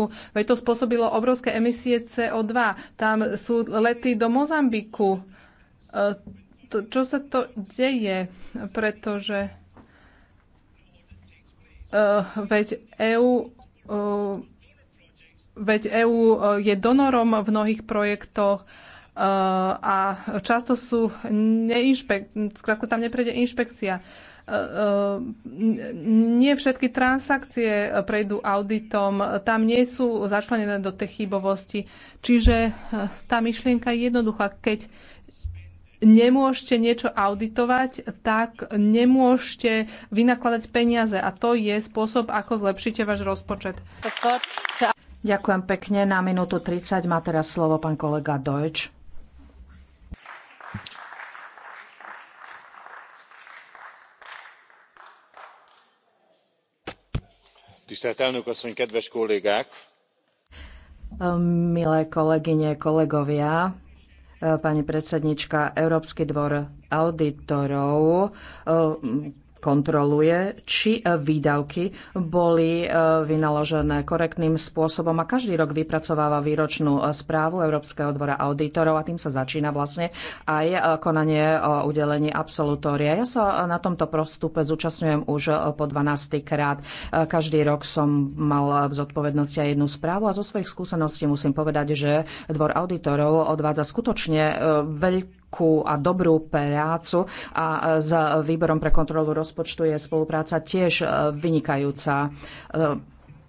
roku, veď to spôsobilo obrovské emisie CO2. Tam sú lety do Mozambiku. E, čo sa to deje? Pretože e, veď EU e, veď EU je donorom v mnohých projektoch a často sú neinšpek... Skrátka tam neprejde inšpekcia nie všetky transakcie prejdú auditom, tam nie sú začlenené do tej chybovosti. Čiže eh, tá myšlienka je jednoduchá. Keď nemôžete niečo auditovať, tak nemôžete vynakladať peniaze. A to je spôsob, ako zlepšíte váš rozpočet. Ďakujem pekne. Na minútu 30 má teraz slovo pán kolega Deutsch. tisztelt elnök asszony kedves kollégák! Ehm, milé kolegyne kolegovia ehm, pani predsedníčka európsky dvor audítorov ehm, kontroluje, či e, výdavky boli e, vynaložené korektným spôsobom a každý rok vypracováva výročnú e, správu Európskeho dvora auditorov a tým sa začína vlastne aj konanie o udelení absolutória. Ja sa na tomto prostupe zúčastňujem už po 12. krát. Každý rok som mal v zodpovednosti aj jednu správu a zo svojich skúseností musím povedať, že dvor auditorov odvádza skutočne veľký veľkú a dobrú prácu a s výborom pre kontrolu rozpočtu je spolupráca tiež e, vynikajúca e,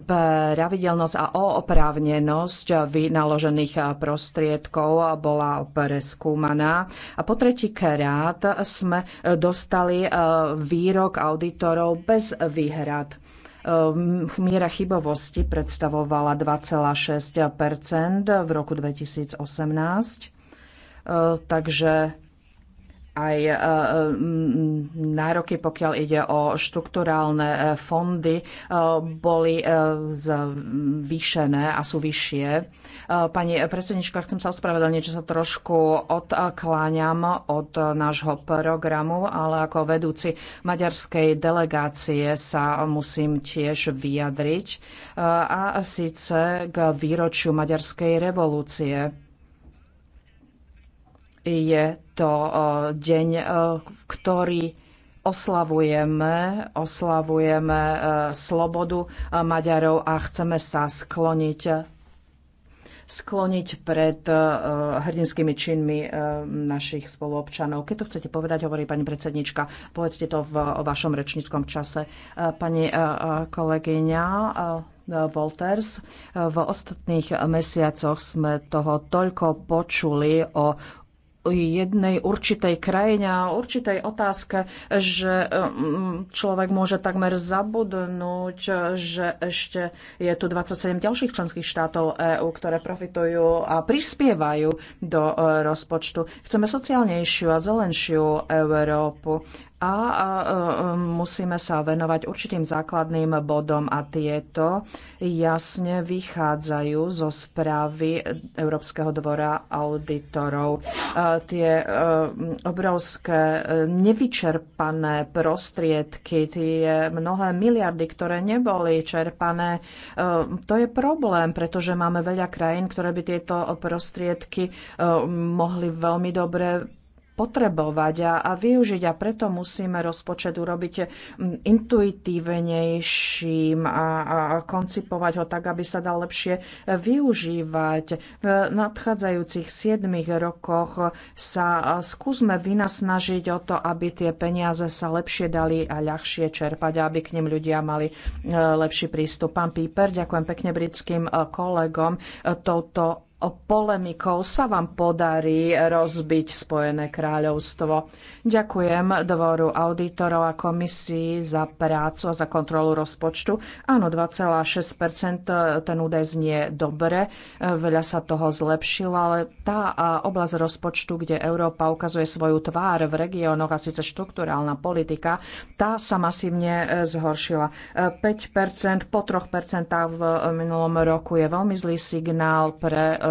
pravidelnosť a oprávnenosť vynaložených prostriedkov bola preskúmaná. A po krát sme dostali e, výrok auditorov bez výhrad. Miera chybovosti predstavovala 2,6 v roku 2018 Eh, takže aj eh, mm, nároky, pokiaľ ide o štrukturálne eh, fondy, boli zvýšené a sú vyššie. Pani predsednička, chcem sa ospravedlniť, že sa trošku odkláňam od nášho programu, ale ako vedúci maďarskej delegácie sa musím tiež vyjadriť a síce k výročiu Maďarskej revolúcie. Je to e, deň, e, ktorý oslavujeme, oslavujeme e, slobodu Maďarov a chceme sa skloniť skloniť pred hrdinskými činmi našich spoluobčanov. Keď to chcete povedať, hovorí pani predsednička, povedzte to v vašom rečníckom čase. Pani kolegyňa, Wolters. V ostatných mesiacoch sme toho toľko počuli o jednej určitej krajine a určitej otázke, že mm, človek môže takmer zabudnúť, že ešte je tu 27 ďalších členských štátov EÚ, ktoré profitujú a prispievajú do e, rozpočtu. Chceme sociálnejšiu a zelenšiu Európu a musíme sa venovať určitým základným bodom a tieto jasne vychádzajú zo správy Európskeho dvora auditorov. Tie e, obrovské e, nevyčerpané prostriedky, tie mnohé miliardy, ktoré neboli čerpané, e, to je problém, pretože máme veľa krajín, ktoré by tieto prostriedky mohli veľmi dobre potrebovať a, a využiť a preto musíme rozpočet urobiť intuitívnejším a, a koncipovať ho tak, aby sa dal lepšie využívať. V nadchádzajúcich 7 rokoch sa skúsme vynasnažiť o to, aby tie peniaze sa lepšie dali a ľahšie čerpať a aby k nim ľudia mali e, lepší prístup. Pán Píper, ďakujem pekne britským e, kolegom. E, touto polemikou sa vám podarí rozbiť Spojené kráľovstvo. Ďakujem dvoru auditorov a komisii za prácu a za kontrolu rozpočtu. Áno, 2,6% ten údaj znie dobre, veľa sa toho zlepšilo, ale tá oblasť rozpočtu, kde Európa ukazuje svoju tvár v regiónoch a síce štruktúrálna politika, tá sa masívne e, zhoršila. 5%, po 3% v minulom roku je veľmi zlý signál pre e,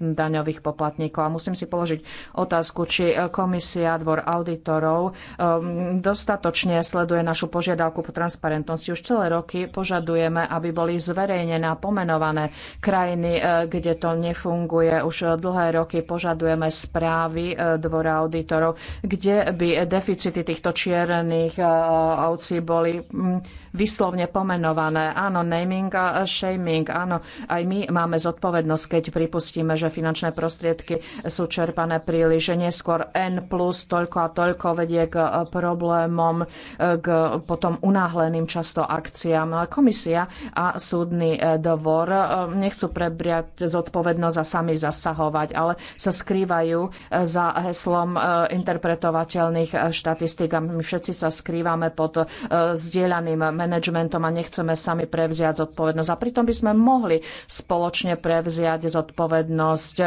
daňových poplatníkov. A musím si položiť otázku, či komisia, dvor auditorov um, dostatočne sleduje našu požiadavku po transparentnosti. Už celé roky požadujeme, aby boli zverejnené a pomenované krajiny, eh, kde to nefunguje. Už dlhé roky požadujeme správy eh, dvora auditorov, kde by deficity týchto čiernych eh, ovcí boli hm, vyslovne pomenované. Áno, naming a shaming. Áno, aj my máme zodpovednosť, keď pripustíme, že finančné prostriedky sú čerpané príliš neskôr. N plus toľko a toľko vedie k eh, problémom, eh, k potom unáhleným často akciám. No komisia a súdny eh, dvor nechcú prebriať zodpovednosť a sami zasahovať, ale sa skrývajú za heslom interpretovateľných štatistík a my všetci sa skrývame pod zdieľaným manažmentom a nechceme sami prevziať zodpovednosť. A pritom by sme mohli spoločne prevziať zodpovednosť budúcnosť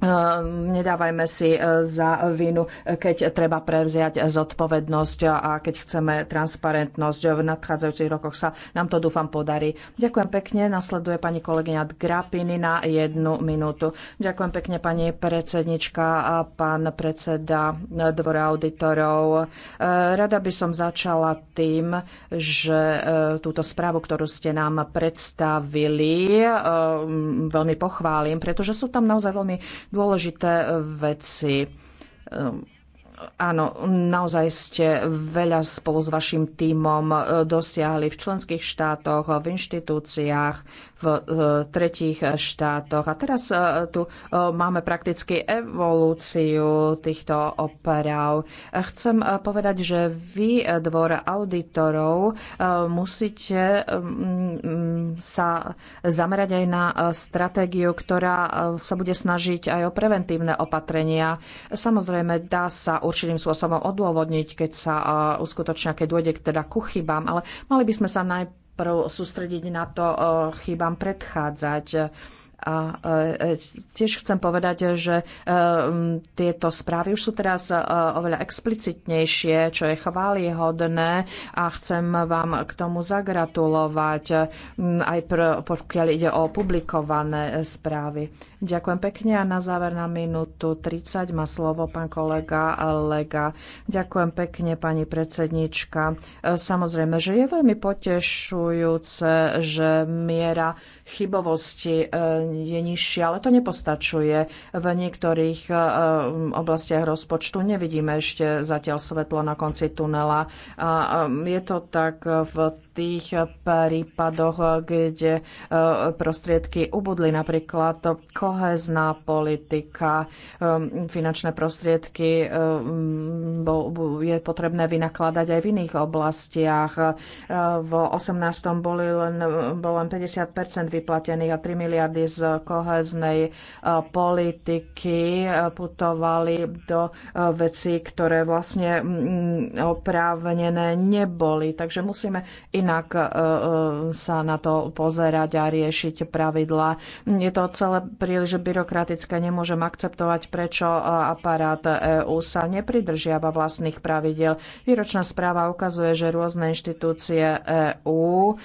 Ehm, nedávajme si e, za vinu, keď treba prevziať zodpovednosť a keď chceme transparentnosť. V nadchádzajúcich rokoch sa nám to dúfam podarí. Ďakujem pekne. Nasleduje pani kolegyňa Grapiny na jednu minútu. Ďakujem pekne pani predsednička a pán predseda dvora auditorov. E, rada by som začala tým, že e, túto správu, ktorú ste nám predstavili, veľmi pochválim, pretože sú tam naozaj veľmi dôležité e, veci. E, áno, naozaj ste veľa spolu s vašim tímom e, dosiahli v členských štátoch, v inštitúciách, v e, tretích štátoch. A teraz e, tu e, máme prakticky evolúciu týchto operáv. Chcem povedať, že vy, dvor auditorov, musíte sa zamerať aj na stratégiu, ktorá sa bude snažiť aj o preventívne opatrenia. Samozrejme, dá sa určitým spôsobom odôvodniť, keď sa uskutočňa, keď dôjde teda ku chybám, ale mali by sme sa najprv prv sústrediť na to, eh, chybám predchádzať. A e, e, tiež chcem povedať, že e, tieto správy už sú teraz oveľa explicitnejšie, čo je chválihodné a chcem vám k tomu zagratulovať, aj pokiaľ ide o publikované správy. Ďakujem pekne a na záver na minútu 30 má slovo pán kolega Lega. Ďakujem pekne, pani predsednička. Samozrejme, že je veľmi potešujúce, že miera chybovosti e, je nižšia, ale to nepostačuje. V niektorých e, oblastiach rozpočtu nevidíme ešte zatiaľ svetlo na konci tunela. A je to tak v tých eh, prípadoch, kde eh, prostriedky ubudli, napríklad kohezná politika, ehm, finančné prostriedky ehm, je potrebné vynakladať aj v iných oblastiach. Eh, v 18. boli len, bol len 50 vyplatených a 3 miliardy z koheznej politiky putovali do vecí, ktoré vlastne mm, oprávnené neboli. Takže musíme inak e, e, sa na to pozerať a riešiť pravidla. Je to celé príliš byrokratické, nemôžem akceptovať, prečo e, aparát EÚ sa nepridržiava vlastných pravidel. Výročná správa ukazuje, že rôzne inštitúcie EÚ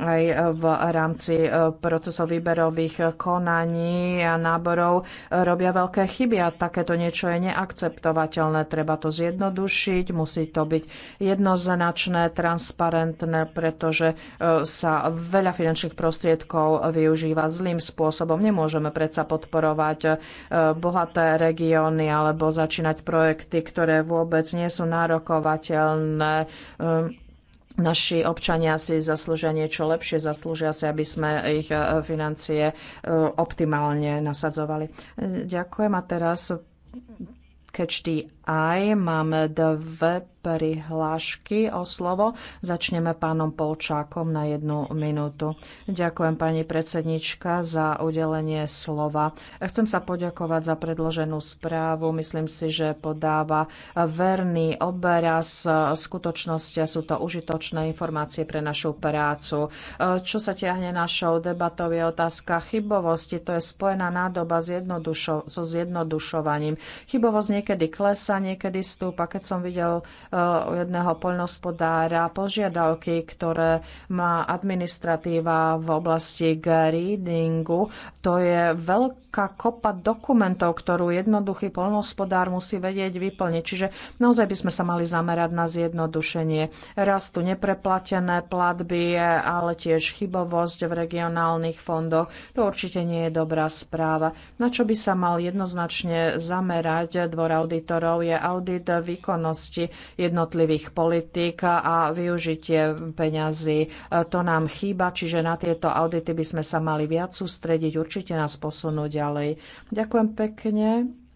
aj v rámci procesov výberových konaní a náborov robia veľké chyby a takéto niečo je neakceptovateľné. Treba to zjednodušiť, musí to byť jednoznačné, transparentné, pretože e, sa veľa finančných prostriedkov využíva zlým spôsobom. Nemôžeme predsa podporovať e, bohaté regióny alebo začínať projekty, ktoré vôbec nie sú nárokovateľné e, naši občania si zaslúžia niečo lepšie, zaslúžia si, aby sme ich financie optimálne nasadzovali. Ďakujem a teraz catch the aj. Máme dve prihlášky o slovo. Začneme pánom Polčákom na jednu minútu. Ďakujem pani predsednička za udelenie slova. Chcem sa poďakovať za predloženú správu. Myslím si, že podáva verný obraz skutočnosti a sú to užitočné informácie pre našu prácu. Čo sa ťahne našou debatou je otázka chybovosti. To je spojená nádoba so zjednodušovaním. Chybovosť niekedy klesá, sa niekedy stúpa. Keď som videl eh, u jedného poľnospodára požiadavky, ktoré má administratíva v oblasti readingu, to je veľká kopa dokumentov, ktorú jednoduchý poľnospodár musí vedieť vyplniť. Čiže naozaj by sme sa mali zamerať na zjednodušenie. rastu nepreplatené platby, ale tiež chybovosť v regionálnych fondoch. To určite nie je dobrá správa. Na čo by sa mal jednoznačne zamerať dvor auditorov je audit výkonnosti jednotlivých politík a využitie peňazí. E, to nám chýba, čiže na tieto audity by sme sa mali viac sústrediť, určite nás posunú ďalej. Ďakujem pekne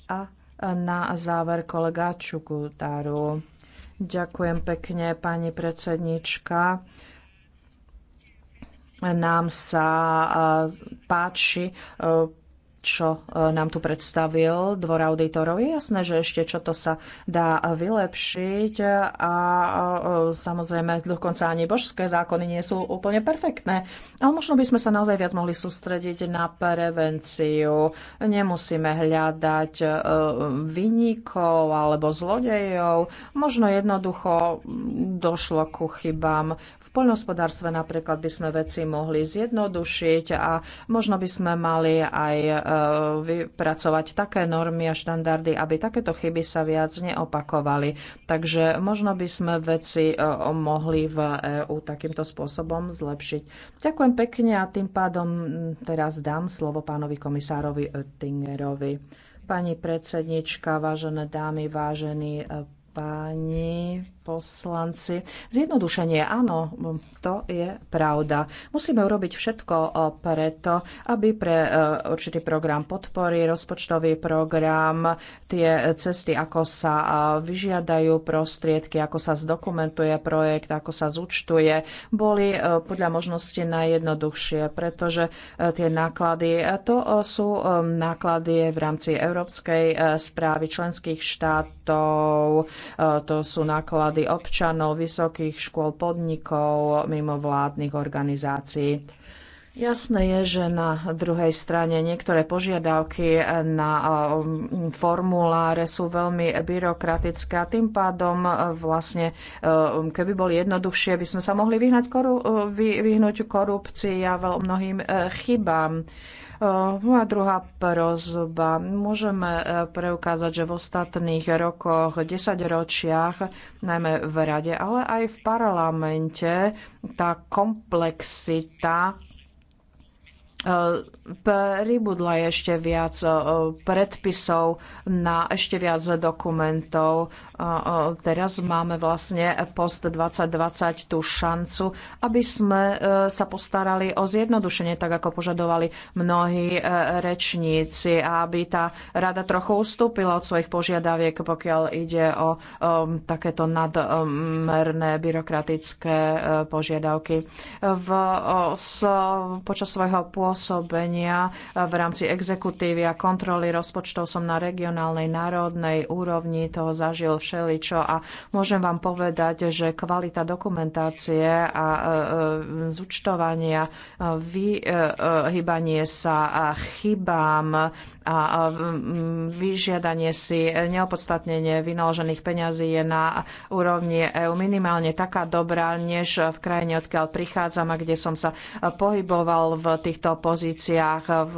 a e, na záver kolega Čukutáru. Ďakujem pekne, pani predsednička nám sa e, páči čo e, nám tu predstavil dvor auditorov. Je jasné, že ešte čo to sa dá vylepšiť a e, samozrejme dokonca ani božské zákony nie sú úplne perfektné. Ale možno by sme sa naozaj viac mohli sústrediť na prevenciu. Nemusíme hľadať e, vynikov alebo zlodejov. Možno jednoducho došlo ku chybám poľnohospodárstve napríklad by sme veci mohli zjednodušiť a možno by sme mali aj e, vypracovať také normy a štandardy, aby takéto chyby sa viac neopakovali. Takže možno by sme veci e, mohli v EU takýmto spôsobom zlepšiť. Ďakujem pekne a tým pádom teraz dám slovo pánovi komisárovi Oettingerovi. Pani predsednička, vážené dámy, vážení e, páni poslanci. Zjednodušenie, áno, to je pravda. Musíme urobiť všetko preto, aby pre e, určitý program podpory, rozpočtový program, tie cesty, ako sa e, vyžiadajú prostriedky, ako sa zdokumentuje projekt, ako sa zúčtuje, boli e, podľa možnosti najjednoduchšie, pretože tie náklady, to sú náklady v rámci Európskej správy členských štátov, E, to sú náklady občanov, vysokých škôl, podnikov, mimovládnych organizácií. Jasné je, že na druhej strane niektoré požiadavky na e, formuláre sú veľmi byrokratické a tým pádom e, vlastne, keby boli jednoduchšie, by sme sa mohli vyhnať koru- vyhnúť korupcii a mnohým chybám. Ehm, moja druhá prozba. Môžeme e, preukázať, že v ostatných rokoch, desaťročiach, najmä v rade, ale aj v parlamente, tá komplexita e, pribudla ešte viac e, predpisov na ešte viac dokumentov teraz máme vlastne post 2020 tú šancu, aby sme e, sa postarali o zjednodušenie, tak ako požadovali mnohí e, rečníci a aby tá rada trochu ustúpila od svojich požiadaviek, pokiaľ ide o e, takéto nadmerné byrokratické požiadavky. V, počas svojho pôsobenia v rámci exekutívy a kontroly rozpočtov som na regionálnej, národnej úrovni toho zažil všeličo a môžem vám povedať, že kvalita dokumentácie a e, e, zúčtovania, e, vyhybanie sa chybám, a mm, vyžiadanie si neopodstatnenie vynaložených peňazí je na úrovni EU minimálne taká dobrá, než v krajine, odkiaľ prichádzam a kde som sa pohyboval v týchto pozíciách, v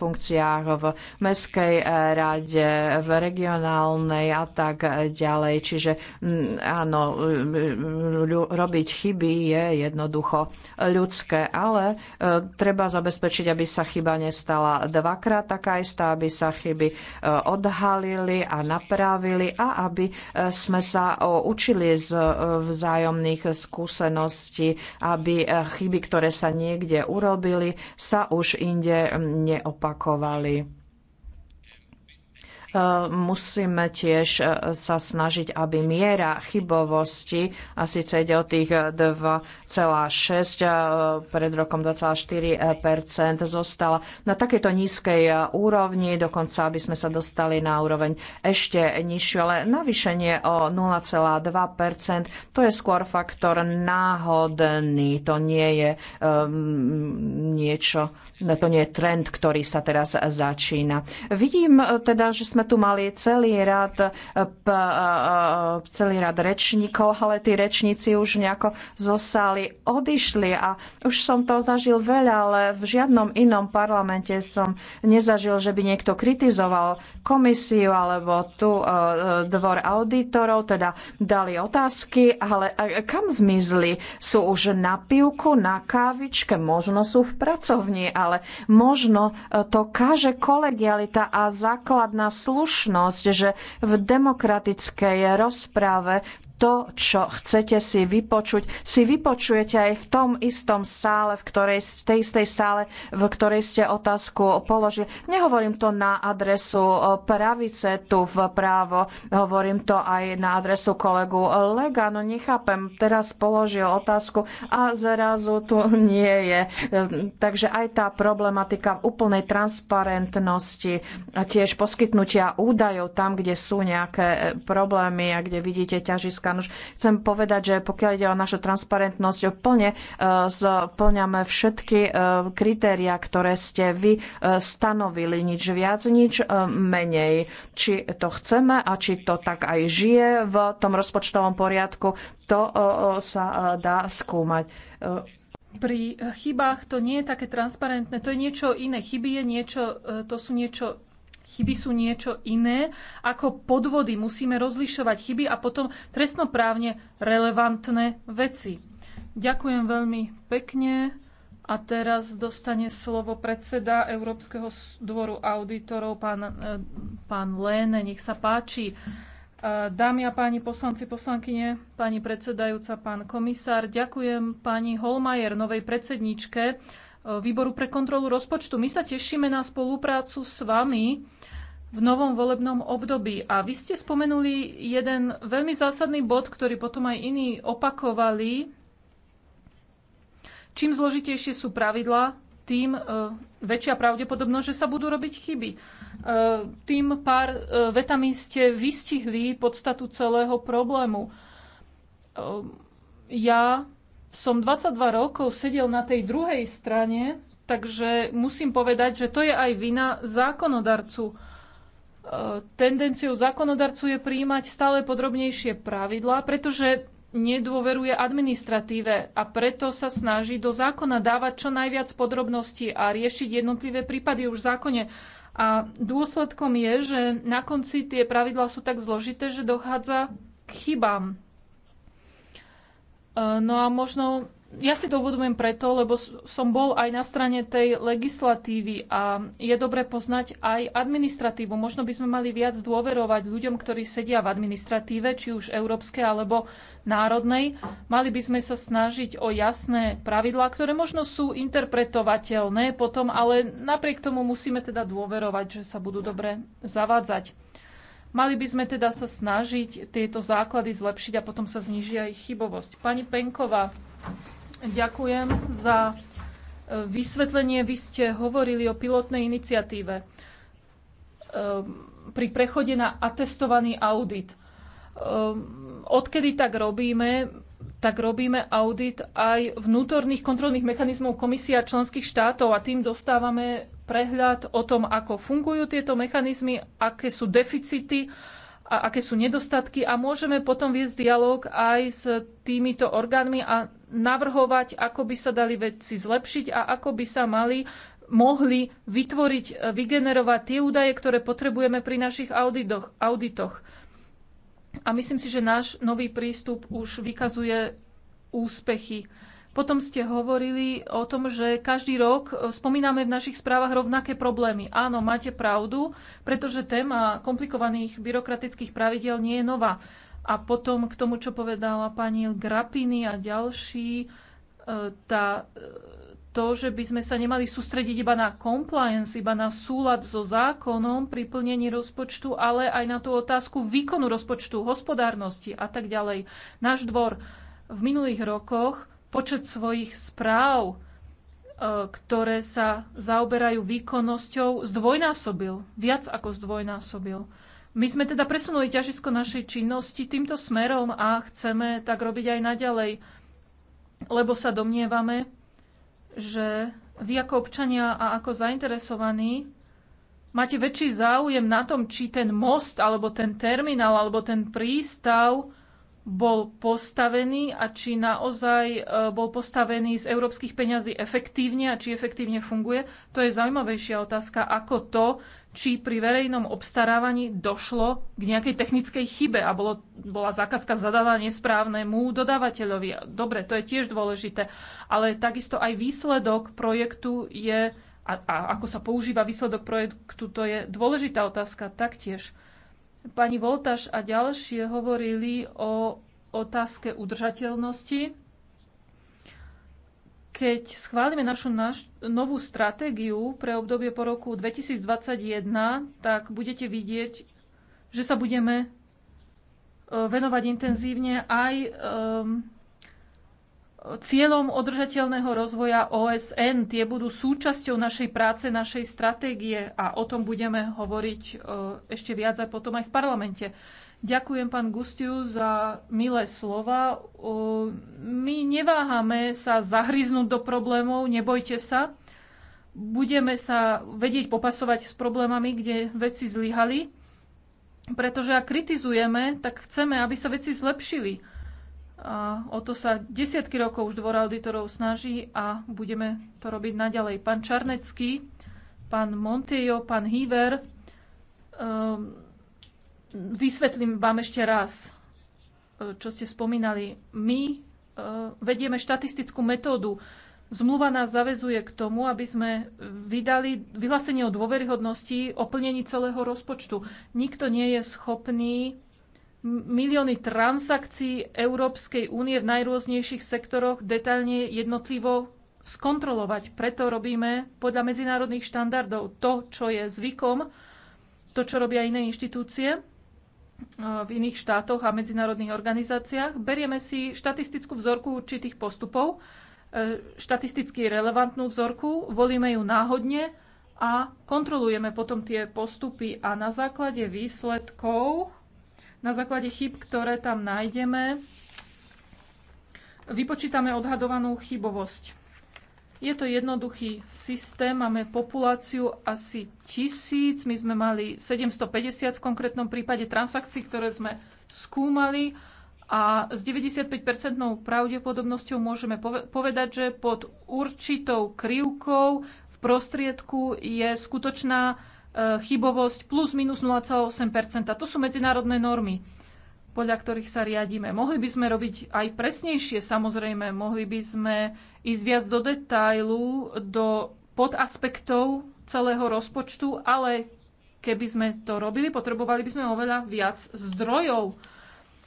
funkciách v Mestskej e, rade, v regionálnej a tak ďalej. Čiže mm, áno, mm, robiť chyby je jednoducho ľudské, ale e, treba zabezpečiť, aby sa chyba nestala dvakrát taká Krajsta, aby sa chyby e, odhalili a napravili a aby e, sme sa e, učili z vzájomných skúseností, aby chyby, ktoré sa niekde urobili, sa už inde neopakovali musíme tiež e, sa snažiť, aby miera chybovosti, a síce ide o tých 2,6, e, pred rokom 2,4 zostala na takejto nízkej e, úrovni, dokonca aby sme sa dostali na úroveň ešte nižšiu, ale navýšenie o 0,2 to je skôr faktor náhodný, to nie je um, niečo No to nie je trend, ktorý sa teraz začína. Vidím e, teda, že sme tu mali celý rad, e, e, celý rad rečníkov, ale tí rečníci už nejako zosali, odišli a už som to zažil veľa, ale v žiadnom inom parlamente som nezažil, že by niekto kritizoval komisiu alebo tu dvor auditorov, teda dali otázky, ale kam zmizli? Sú už na pivku, na kávičke, možno sú v pracovni, ale ale možno e, to káže kolegialita a základná slušnosť, že v demokratickej rozprave to, čo chcete si vypočuť, si vypočujete aj v tom istom sále, v ktorej, tej istej sále, v ktorej ste otázku položili. Nehovorím to na adresu pravice tu v právo, hovorím to aj na adresu kolegu Lega. No nechápem, teraz položil otázku a zrazu tu nie je. Takže aj tá problematika v úplnej transparentnosti a tiež poskytnutia údajov tam, kde sú nejaké problémy a kde vidíte ťažiska orgán. Už chcem povedať, že pokiaľ ide o našu transparentnosť, plne e, splňame všetky e, kritéria, ktoré ste vy e, stanovili. Nič viac, nič menej. Či to chceme a či to tak aj žije v tom rozpočtovom poriadku, to sa dá skúmať. Pri chybách to nie je také transparentné, to je niečo iné. Chyby je niečo, to sú niečo Chyby sú niečo iné ako podvody. Musíme rozlišovať chyby a potom trestnoprávne relevantné veci. Ďakujem veľmi pekne. A teraz dostane slovo predseda Európskeho dvoru auditorov, pán, e, pán Léne. Nech sa páči. E, dámy a páni poslanci, poslankyne, pani predsedajúca, pán komisár, ďakujem pani Holmajer, novej predsedničke E, výboru pre kontrolu rozpočtu. My sa tešíme na spoluprácu s vami v novom volebnom období. A vy ste spomenuli jeden veľmi zásadný bod, ktorý potom aj iní opakovali. Čím zložitejšie sú pravidla, tým e, väčšia pravdepodobnosť, že sa budú robiť chyby. E, tým pár vetami ste vystihli podstatu celého problému. Ja som 22 rokov sedel na tej druhej strane, takže musím povedať, že to je aj vina zákonodarcu. E, tendenciou zákonodarcu je príjmať stále podrobnejšie pravidlá, pretože nedôveruje administratíve a preto sa snaží do zákona dávať čo najviac podrobností a riešiť jednotlivé prípady už v zákone. A dôsledkom je, že na konci tie pravidlá sú tak zložité, že dochádza k chybám Eh, no a možno ja si to uvedomujem preto, lebo som bol aj na strane tej legislatívy a je dobre poznať aj administratívu. Možno by sme mali viac dôverovať ľuďom, ktorí sedia v administratíve, či už európskej alebo národnej. Mali by sme sa snažiť o jasné pravidlá, ktoré možno sú interpretovateľné potom, ale napriek tomu musíme teda dôverovať, že sa budú dobre zavádzať. Mali by sme teda sa snažiť tieto základy zlepšiť a potom sa zniží aj chybovosť. Pani Penková, ďakujem za e, vysvetlenie. Vy ste hovorili o pilotnej iniciatíve e, pri prechode na atestovaný audit. E, odkedy tak robíme, tak robíme audit aj vnútorných kontrolných mechanizmov komisia členských štátov a tým dostávame prehľad o tom, ako fungujú tieto mechanizmy, aké sú deficity a aké sú nedostatky a môžeme potom viesť dialog aj s týmito orgánmi a navrhovať, ako by sa dali veci zlepšiť a ako by sa mali mohli vytvoriť, e, vygenerovať tie údaje, ktoré potrebujeme pri našich auditoch. auditoch. A myslím si, že náš nový prístup už vykazuje úspechy. Potom ste hovorili o tom, že každý rok e, spomíname v našich správach rovnaké problémy. Áno, máte pravdu, pretože téma komplikovaných byrokratických pravidel nie je nová. A potom k tomu, čo povedala pani Grapiny a ďalší, e, tá, e, to, že by sme sa nemali sústrediť iba na compliance, iba na súlad so zákonom pri plnení rozpočtu, ale aj na tú otázku výkonu rozpočtu, hospodárnosti a tak ďalej. Náš dvor v minulých rokoch počet svojich správ, e, ktoré sa zaoberajú výkonnosťou, zdvojnásobil, viac ako zdvojnásobil. My sme teda presunuli ťažisko našej činnosti týmto smerom a chceme tak robiť aj naďalej, lebo sa domnievame, že vy ako občania a ako zainteresovaní máte väčší záujem na tom, či ten most, alebo ten terminál, alebo ten prístav bol postavený a či naozaj e, bol postavený z európskych peňazí efektívne a či efektívne funguje, to je zaujímavejšia otázka ako to, či pri verejnom obstarávaní došlo k nejakej technickej chybe a bolo, bola zákazka zadaná nesprávnemu dodávateľovi. Dobre, to je tiež dôležité, ale takisto aj výsledok projektu je a, a ako sa používa výsledok projektu, to je dôležitá otázka taktiež. Pani Voltaš a ďalšie hovorili o otázke udržateľnosti. Keď schválime našu naš, novú stratégiu pre obdobie po roku 2021, tak budete vidieť, že sa budeme e, venovať intenzívne aj um, cieľom održateľného rozvoja OSN. Tie budú súčasťou našej práce, našej stratégie a o tom budeme hovoriť e, ešte viac aj potom aj v parlamente. Ďakujem pán Gustiu za milé slova. My neváhame sa zahryznúť do problémov, nebojte sa. Budeme sa vedieť popasovať s problémami, kde veci zlyhali, pretože ak kritizujeme, tak chceme, aby sa veci zlepšili. A o to sa desiatky rokov už dvor auditorov snaží a budeme to robiť naďalej. Pán Čarnecký, pán Montejo, pán Hiver, um, ehm, vysvetlím vám ešte raz, e, čo ste spomínali. My uh, vedieme štatistickú metódu. Zmluva nás zavezuje k tomu, aby sme vydali vyhlásenie o dôveryhodnosti o plnení celého rozpočtu. Nikto nie je schopný milióny transakcií Európskej únie v najrôznejších sektoroch detailne jednotlivo skontrolovať. Preto robíme podľa medzinárodných štandardov to, čo je zvykom, to, čo robia iné inštitúcie e, v iných štátoch a medzinárodných organizáciách. Berieme si štatistickú vzorku určitých postupov, e, štatisticky relevantnú vzorku, volíme ju náhodne a kontrolujeme potom tie postupy a na základe výsledkov na základe chyb, ktoré tam nájdeme, vypočítame odhadovanú chybovosť. Je to jednoduchý systém, máme populáciu asi tisíc, my sme mali 750 v konkrétnom prípade transakcií, ktoré sme skúmali a s 95-percentnou pravdepodobnosťou môžeme povedať, že pod určitou krivkou v prostriedku je skutočná E, chybovosť plus minus 0,8 To sú medzinárodné normy, podľa ktorých sa riadíme. Mohli by sme robiť aj presnejšie, samozrejme. Mohli by sme ísť viac do detailu, do podaspektov celého rozpočtu, ale keby sme to robili, potrebovali by sme oveľa viac zdrojov.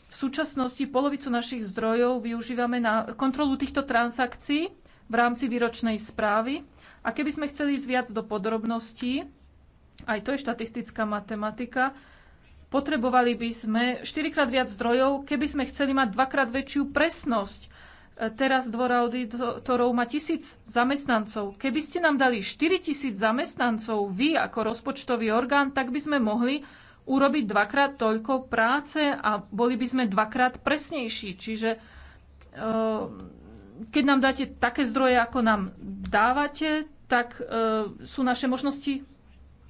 V súčasnosti polovicu našich zdrojov využívame na kontrolu týchto transakcií v rámci výročnej správy. A keby sme chceli ísť viac do podrobností, aj to je štatistická matematika, potrebovali by sme krát viac zdrojov, keby sme chceli mať dvakrát väčšiu presnosť. E, teraz dvora auditorov má tisíc zamestnancov. Keby ste nám dali 4 tisíc zamestnancov, vy ako rozpočtový orgán, tak by sme mohli urobiť dvakrát toľko práce a boli by sme dvakrát presnejší. Čiže e, keď nám dáte také zdroje, ako nám dávate, tak e, sú naše možnosti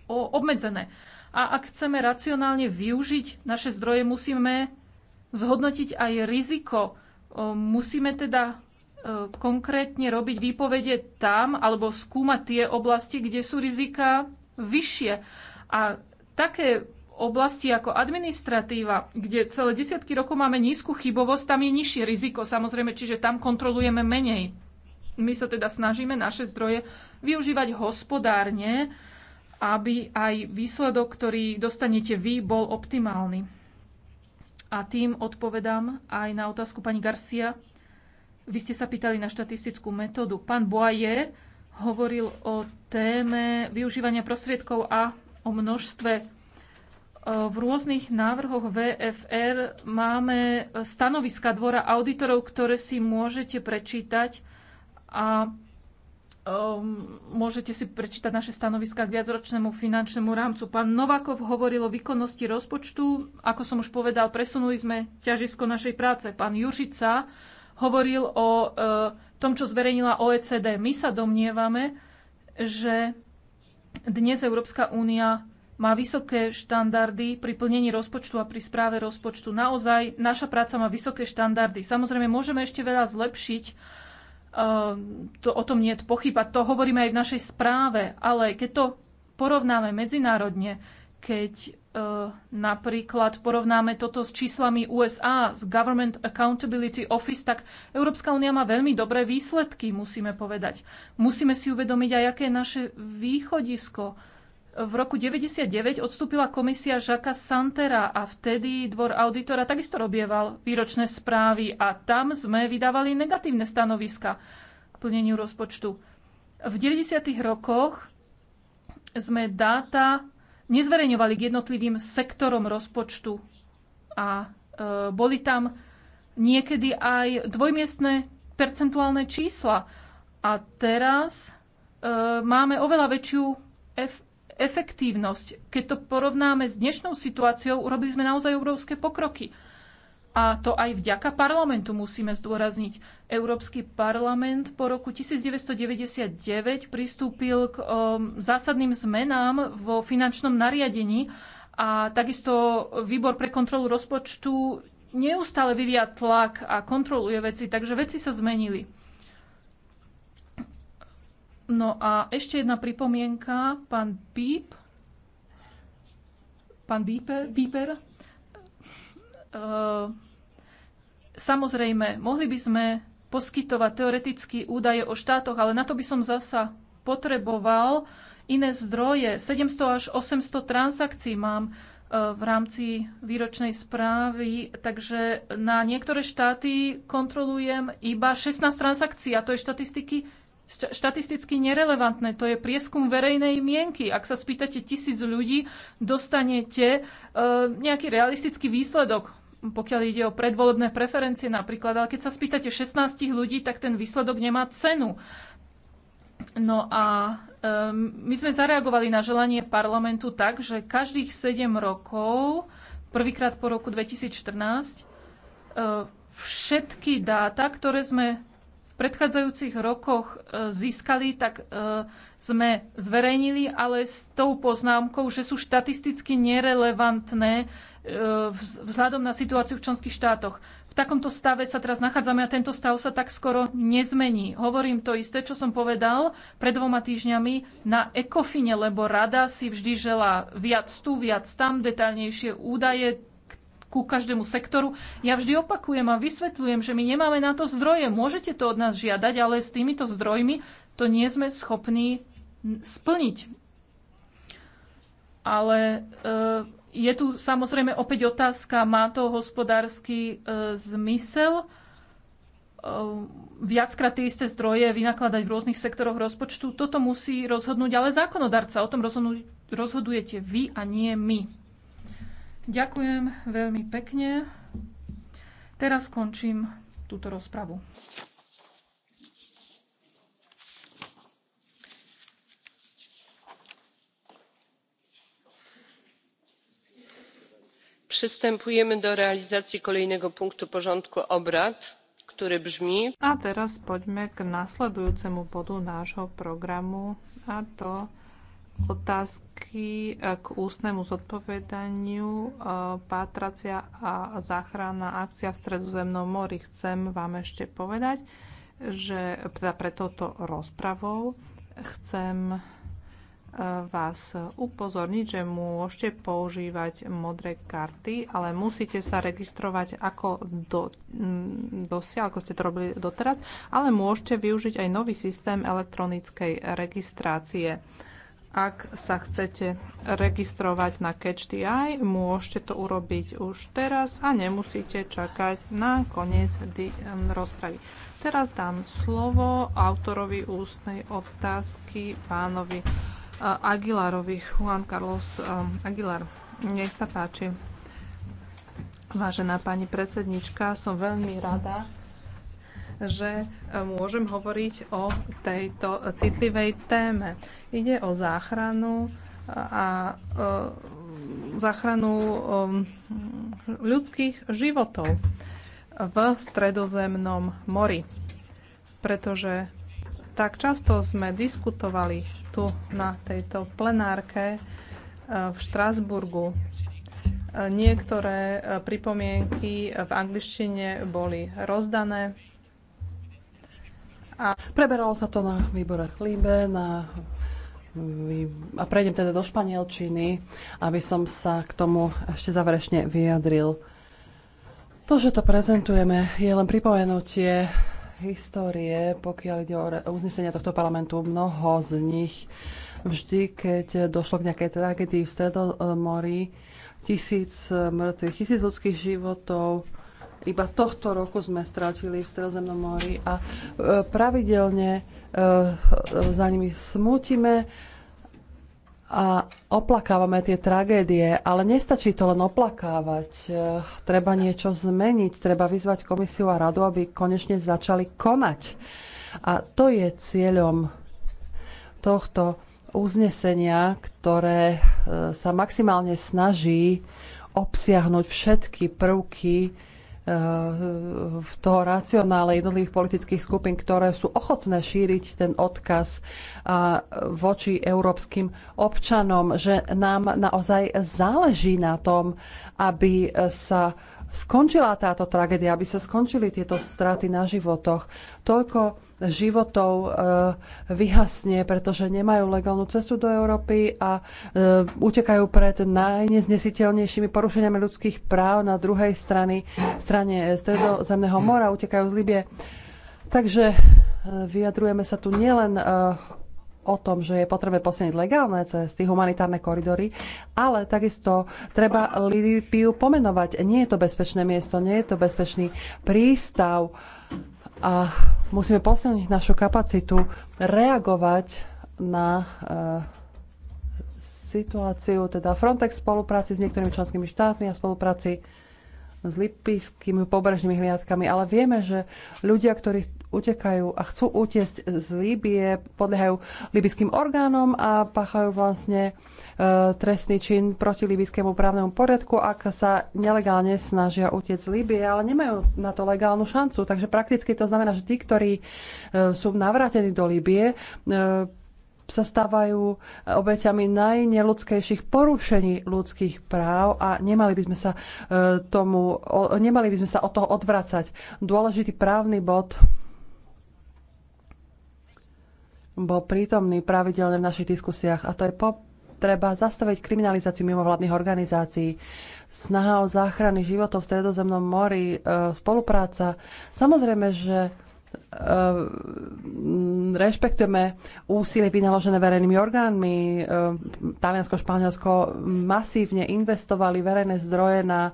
obmedzené. A ak chceme racionálne využiť naše zdroje, musíme zhodnotiť aj riziko. E, musíme teda e, konkrétne robiť výpovede tam alebo skúmať tie oblasti, kde sú rizika vyššie. A také oblasti ako administratíva, kde celé desiatky rokov máme nízku chybovosť, tam je nižšie riziko samozrejme, čiže tam kontrolujeme menej. My sa teda snažíme naše zdroje využívať hospodárne aby aj výsledok, ktorý dostanete vy, bol optimálny. A tým odpovedám aj na otázku pani Garcia. Vy ste sa pýtali na štatistickú metódu. Pán Boaje hovoril o téme využívania prostriedkov a o množstve. E, v rôznych návrhoch VFR máme stanoviska dvora auditorov, ktoré si môžete prečítať a Um, môžete si prečítať naše stanoviska k viacročnému finančnému rámcu. Pán Novakov hovoril o výkonnosti rozpočtu. Ako som už povedal, presunuli sme ťažisko našej práce. Pán Jušica hovoril o ehm, tom, čo zverejnila OECD. My sa domnievame, že dnes Európska únia má vysoké štandardy pri plnení rozpočtu a pri správe rozpočtu. Naozaj naša práca má vysoké štandardy. Samozrejme, môžeme ešte veľa zlepšiť, Ehm, to, o tom nie je pochyba, to hovoríme aj v našej správe, ale keď to porovnáme medzinárodne, keď e, napríklad porovnáme toto s číslami USA, z Government Accountability Office, tak Európska únia má veľmi dobré výsledky, musíme povedať. Musíme si uvedomiť aj, aké je naše východisko v roku 99 odstúpila komisia Žaka Santera a vtedy dvor auditora takisto robieval výročné správy a tam sme vydávali negatívne stanoviska k plneniu rozpočtu. V 90. rokoch sme dáta nezverejňovali k jednotlivým sektorom rozpočtu a e, boli tam niekedy aj dvojmiestne percentuálne čísla. A teraz e, máme oveľa väčšiu efektívnosť. Keď to porovnáme s dnešnou situáciou, urobili sme naozaj obrovské pokroky. A to aj vďaka parlamentu musíme zdôrazniť. Európsky parlament po roku 1999 pristúpil k um, zásadným zmenám vo finančnom nariadení a takisto výbor pre kontrolu rozpočtu neustále vyvíja tlak a kontroluje veci, takže veci sa zmenili. No a ešte jedna pripomienka. Pán Píp, pán Bíper, Bíper e, samozrejme, mohli by sme poskytovať teoretické údaje o štátoch, ale na to by som zasa potreboval iné zdroje. 700 až 800 transakcií mám e, v rámci výročnej správy, takže na niektoré štáty kontrolujem iba 16 transakcií a to je štatistiky štatisticky nerelevantné. To je prieskum verejnej mienky. Ak sa spýtate tisíc ľudí, dostanete e, nejaký realistický výsledok, pokiaľ ide o predvolebné preferencie napríklad. Ale keď sa spýtate 16 ľudí, tak ten výsledok nemá cenu. No a e, my sme zareagovali na želanie parlamentu tak, že každých 7 rokov, prvýkrát po roku 2014, e, všetky dáta, ktoré sme predchádzajúcich rokoch e, získali, tak e, sme zverejnili, ale s tou poznámkou, že sú štatisticky nerelevantné e, vzhľadom na situáciu v členských štátoch. V takomto stave sa teraz nachádzame a tento stav sa tak skoro nezmení. Hovorím to isté, čo som povedal pred dvoma týždňami na ECOFINE, lebo rada si vždy žela viac tu, viac tam, detaľnejšie údaje, ku každému sektoru. Ja vždy opakujem a vysvetľujem, že my nemáme na to zdroje. Môžete to od nás žiadať, ale s týmito zdrojmi to nie sme schopní splniť. Ale e, je tu samozrejme opäť otázka, má to hospodársky e, zmysel? E, viackrát tie isté zdroje vynakladať v rôznych sektoroch rozpočtu. Toto musí rozhodnúť ale zákonodarca. O tom rozhodujete vy a nie my. Ďakujem veľmi pekne. Teraz končím túto rozpravu. Przystępujemy do realizacji kolejnego punktu porządku obrad, który brzmi... A teraz poďme k nasledujúcemu bodu nášho programu, a to otázky e, k ústnemu zodpovedaniu e, pátracia a záchranná akcia v Stredozemnom mori. Chcem vám ešte povedať, že teda pre touto rozpravou chcem e, vás upozorniť, že môžete používať modré karty, ale musíte sa registrovať ako do, dosiaľ, ako ste to robili doteraz, ale môžete využiť aj nový systém elektronickej registrácie. Ak sa chcete registrovať na CatchDI, môžete to urobiť už teraz a nemusíte čakať na koniec rozpravy. Teraz dám slovo autorovi ústnej otázky pánovi e, Aguilarovi, Juan Carlos e, Aguilar. Nech sa páči. Vážená pani predsednička, som veľmi rada, že e, môžem hovoriť o tejto citlivej téme. Ide o záchranu a e, záchranu e, ľudských životov v stredozemnom mori. Pretože tak často sme diskutovali tu na tejto plenárke v Štrásburgu. Niektoré pripomienky v angličtine boli rozdané a... Preberalo sa to na výbore Líbe, na a prejdem teda do španielčiny, aby som sa k tomu ešte záverečne vyjadril. To, že to prezentujeme, je len pripomenutie histórie, pokiaľ ide o uznesenia tohto parlamentu. Mnoho z nich vždy, keď došlo k nejakej tragédii v Stredomorí, tisíc mŕtvych, tisíc ľudských životov, iba tohto roku sme stratili v Stredozemnom mori a e, pravidelne e, za nimi smutíme a oplakávame tie tragédie, ale nestačí to len oplakávať. E, treba niečo zmeniť, treba vyzvať komisiu a radu, aby konečne začali konať. A to je cieľom tohto uznesenia, ktoré sa maximálne snaží obsiahnuť všetky prvky v toho racionále jednotlivých politických skupín, ktoré sú ochotné šíriť ten odkaz voči európskym občanom, že nám naozaj záleží na tom, aby sa skončila táto tragédia, aby sa skončili tieto straty na životoch. Toľko životov e, vyhasne, pretože nemajú legálnu cestu do Európy a e, utekajú pred najneznesiteľnejšími porušeniami ľudských práv na druhej strane, strane Stredozemného mora, utekajú z Libie. Takže e, vyjadrujeme sa tu nielen e, o tom, že je potrebné posilniť legálne cesty, humanitárne koridory, ale takisto treba Libiu pomenovať. Nie je to bezpečné miesto, nie je to bezpečný prístav a musíme posilniť našu kapacitu reagovať na eh, situáciu, teda Frontex v spolupráci s niektorými členskými štátmi a spolupráci s libyskými pobrežnými hliadkami, ale vieme, že ľudia, ktorých utekajú a chcú utiesť z Líbie, podliehajú libyským orgánom a páchajú vlastne e, trestný čin proti libyskému právnemu poriadku, ak sa nelegálne snažia utiecť z Líbie, ale nemajú na to legálnu šancu. Takže prakticky to znamená, že tí, ktorí e, sú navrátení do Líbie, e, sa stávajú obeťami najneludskejších porušení ľudských práv a nemali by sme sa, e, tomu, nemali by sme sa od toho odvracať. Dôležitý právny bod bol prítomný pravidelne v našich diskusiách a to je po treba zastaviť kriminalizáciu mimovládnych organizácií, snaha o záchrany životov v Stredozemnom mori, e, spolupráca. Samozrejme, že e, rešpektujeme úsilie vynaložené verejnými orgánmi. E, Taliansko, Španielsko masívne investovali verejné zdroje na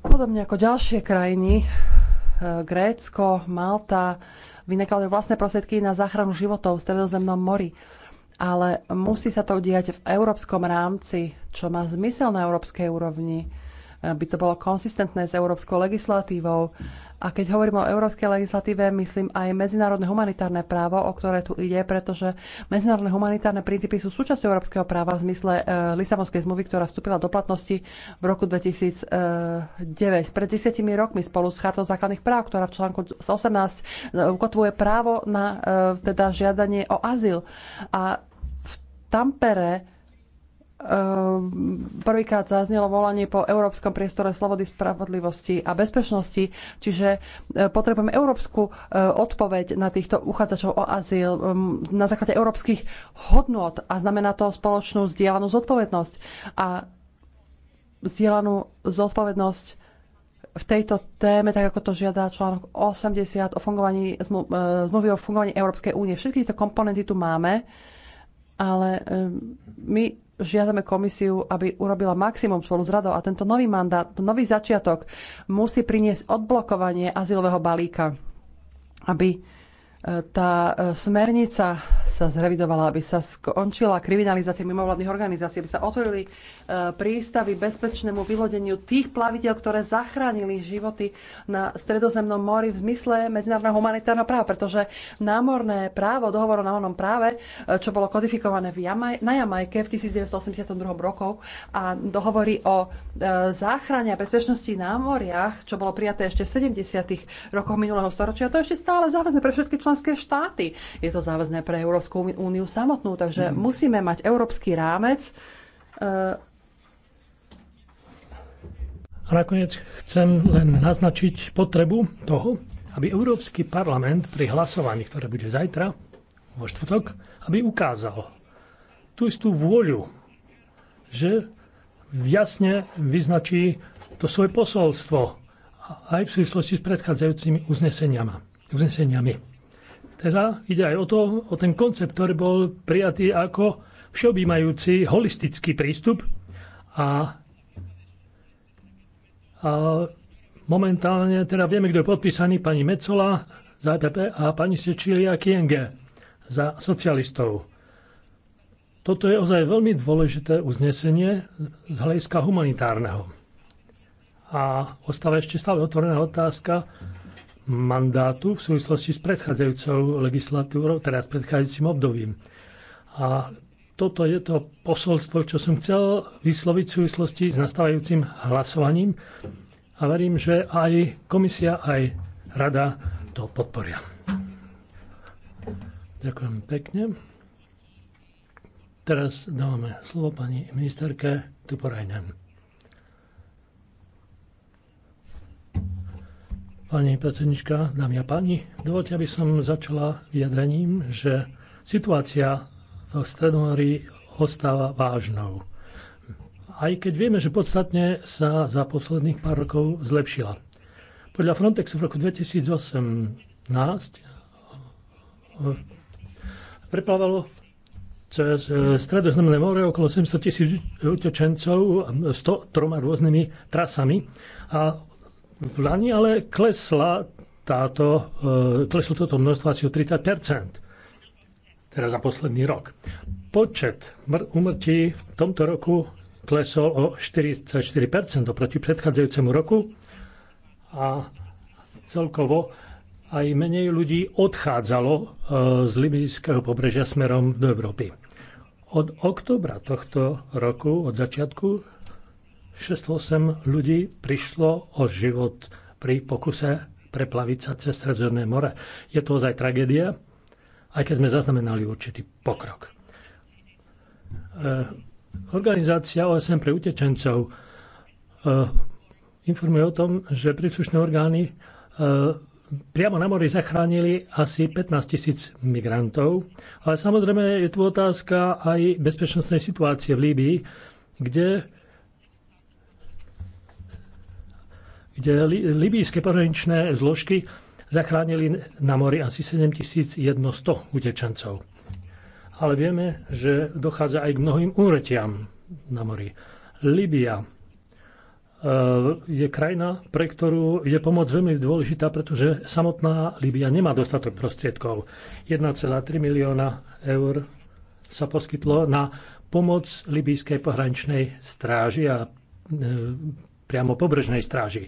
podobne ako ďalšie krajiny, Grécko, Malta, vynakladajú vlastné prostriedky na záchranu životov v stredozemnom mori. Ale musí sa to diať v európskom rámci, čo má zmysel na európskej úrovni aby to bolo konsistentné s európskou legislatívou. A keď hovorím o európskej legislatíve, myslím aj medzinárodné humanitárne právo, o ktoré tu ide, pretože medzinárodné humanitárne princípy sú súčasťou európskeho práva v zmysle e, Lisabonskej zmluvy, ktorá vstúpila do platnosti v roku 2009. Pred desiatimi rokmi spolu s Chartou základných práv, ktorá v článku 18 e, ukotvuje právo na e, teda žiadanie o azyl. A v Tampere Ehm, prvýkrát zaznelo volanie po európskom priestore slobody, spravodlivosti a bezpečnosti, čiže e, potrebujeme európsku e, odpoveď na týchto uchádzačov o azyl ehm, na základe európskych hodnot a znamená to spoločnú zdieľanú zodpovednosť. A zdieľanú zodpovednosť v tejto téme, tak ako to žiada článok 80 o fungovaní, e, zmluvy o fungovaní Európskej únie. Všetky tieto komponenty tu máme ale my žiadame komisiu, aby urobila maximum spolu s radou a tento nový mandát, nový začiatok musí priniesť odblokovanie azylového balíka, aby tá e, smernica sa zrevidovala, aby sa skončila kriminalizácia mimovládnych organizácií, aby sa otvorili e, prístavy bezpečnému vylodeniu tých plaviteľ, ktoré zachránili životy na Stredozemnom mori v zmysle medzinárodného humanitárneho práva, pretože námorné právo, dohovor o námornom práve, e, čo bolo kodifikované v Jamaj- na Jamajke v 1982 rokov a dohovory o záchrane a bezpečnosti na moriach, čo bolo prijaté ešte v 70. rokoch minulého storočia, to je ešte stále záväzne pre všetky členské členské štáty. Je to záväzné pre Európsku úniu samotnú, takže mm. musíme mať európsky rámec. E, a nakoniec chcem len naznačiť potrebu toho, aby Európsky parlament pri hlasovaní, ktoré bude zajtra, vo štvrtok, aby ukázal tú istú vôľu, že jasne vyznačí to svoje posolstvo aj v súvislosti s predchádzajúcimi uzneseniami. Teda ide aj o to, o ten koncept, ktorý bol prijatý ako všeobjímajúci holistický prístup a, a momentálne teda vieme, kto je podpísaný, pani Mecola za EPP a pani Sečilia Kienge za socialistov. Toto je ozaj veľmi dôležité uznesenie z hľadiska humanitárneho. A ostáva ešte stále otvorená otázka, mandátu v súvislosti s predchádzajúcou legislatúrou, teda s predchádzajúcim obdobím. A toto je to posolstvo, čo som chcel vysloviť v súvislosti s nastávajúcim hlasovaním a verím, že aj komisia, aj rada to podporia. Ďakujem pekne. Teraz dávame slovo pani ministerke Tuporajnen. Pani predsednička, dámy a páni, dovolte, aby som začala vyjadrením, že situácia v Stredomorí ostáva vážnou. Aj keď vieme, že podstatne sa za posledných pár rokov zlepšila. Podľa Frontexu v roku 2018 eh, preplávalo cez eh, Stredozemné more okolo 700 tisíc utečencov 103 rôznymi trasami a v Lani ale klesla táto, e, kleslo toto množstvo asi o 30 teraz za posledný rok. Počet umrtí v tomto roku klesol o 44 oproti predchádzajúcemu roku a celkovo aj menej ľudí odchádzalo e, z libyjského pobrežia smerom do Európy. Od oktobra tohto roku, od začiatku 68 ľudí prišlo o život pri pokuse preplaviť sa cez Sredozemné more. Je to ozaj tragédia, aj keď sme zaznamenali určitý pokrok. E, organizácia OSM pre utečencov e, informuje o tom, že príslušné orgány e, priamo na mori zachránili asi 15 tisíc migrantov. Ale samozrejme je tu otázka aj bezpečnostnej situácie v Líbii, kde kde libijské pohraničné zložky zachránili na mori asi 7100 utečencov. Ale vieme, že dochádza aj k mnohým úretiam na mori. Libia e, je krajina, pre ktorú je pomoc veľmi dôležitá, pretože samotná Libia nemá dostatok prostriedkov. 1,3 milióna eur sa poskytlo na pomoc libijskej pohraničnej stráži a e, priamo pobrežnej stráži.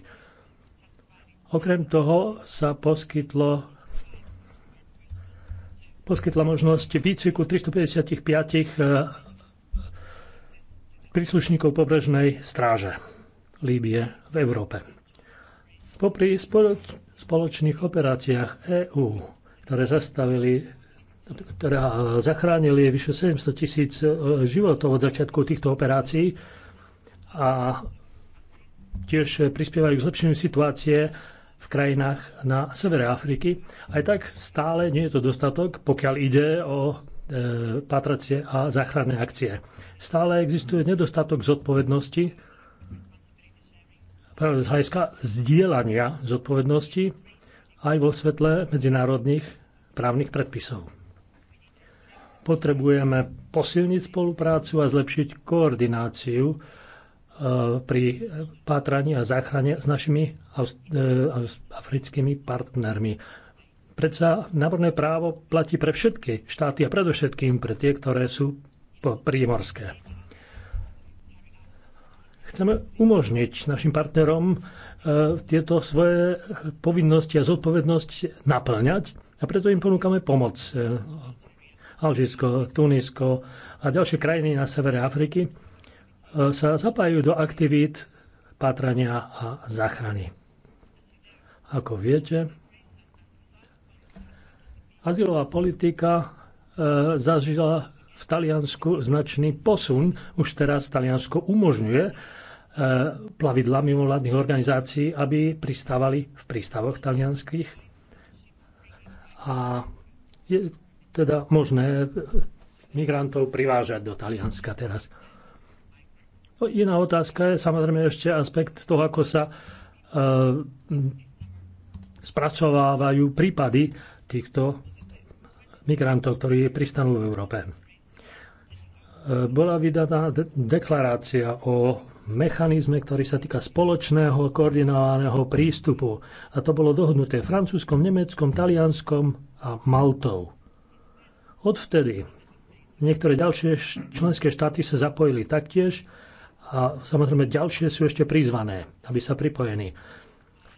Okrem toho sa poskytlo poskytla možnosť výcviku 355 eh, príslušníkov pobrežnej stráže Líbie v Európe. Popri spoločných operáciách EÚ, ktoré zastavili ktoré eh, zachránili vyše 700 tisíc eh, životov od začiatku týchto operácií a tiež prispievajú k zlepšeniu situácie v krajinách na severe Afriky. Aj tak stále nie je to dostatok, pokiaľ ide o e, patracie a záchranné akcie. Stále existuje nedostatok zodpovednosti, z hľadiska zdieľania zodpovednosti aj vo svetle medzinárodných právnych predpisov. Potrebujeme posilniť spoluprácu a zlepšiť koordináciu Eh, pri pátraní a záchrane s našimi eh, africkými partnermi. Predsa náborné právo platí pre všetky štáty a predovšetkým pre tie, ktoré sú prímorské. Chceme umožniť našim partnerom eh, tieto svoje povinnosti a zodpovednosť naplňať a preto im ponúkame pomoc. Alžírsko, Tunisko a ďalšie krajiny na severe Afriky E, sa zapájajú do aktivít pátrania a záchrany. Ako viete, azylová politika e, zažila v Taliansku značný posun. Už teraz Taliansko umožňuje e, plavidla mimovládnych organizácií, aby pristávali v prístavoch talianských. A je teda možné migrantov privážať do Talianska teraz. Iná otázka je samozrejme ešte aspekt toho, ako sa e, spracovávajú prípady týchto migrantov, ktorí pristanú v Európe. E, bola vydaná de- deklarácia o mechanizme, ktorý sa týka spoločného koordinovaného prístupu. A to bolo dohodnuté francúzskom, nemeckom, talianskom a Maltou. Odvtedy niektoré ďalšie členské štáty sa zapojili taktiež a samozrejme ďalšie sú ešte prizvané, aby sa pripojení.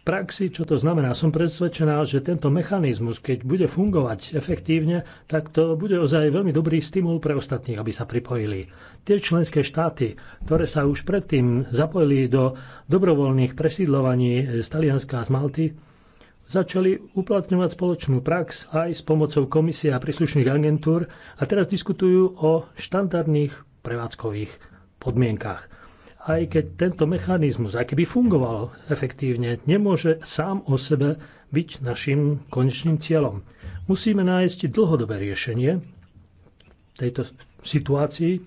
V praxi, čo to znamená? Som presvedčená, že tento mechanizmus, keď bude fungovať efektívne, tak to bude ozaj veľmi dobrý stimul pre ostatných, aby sa pripojili. Tie členské štáty, ktoré sa už predtým zapojili do dobrovoľných presídlovaní z Talianska a z Malty, začali uplatňovať spoločnú prax aj s pomocou komisie a príslušných agentúr a teraz diskutujú o štandardných prevádzkových podmienkach aj keď tento mechanizmus, aj keby fungoval efektívne, nemôže sám o sebe byť našim konečným cieľom. Musíme nájsť dlhodobé riešenie tejto situácii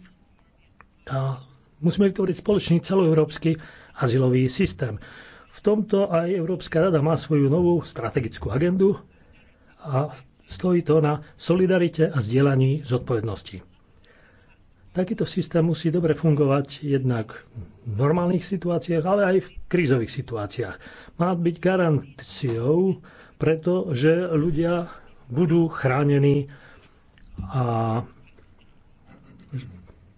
a musíme vytvoriť spoločný celoeurópsky azylový systém. V tomto aj Európska rada má svoju novú strategickú agendu a stojí to na solidarite a zdieľaní zodpovednosti. Takýto systém musí dobre fungovať jednak v normálnych situáciách, ale aj v krízových situáciách. Má byť garanciou, pretože ľudia budú chránení a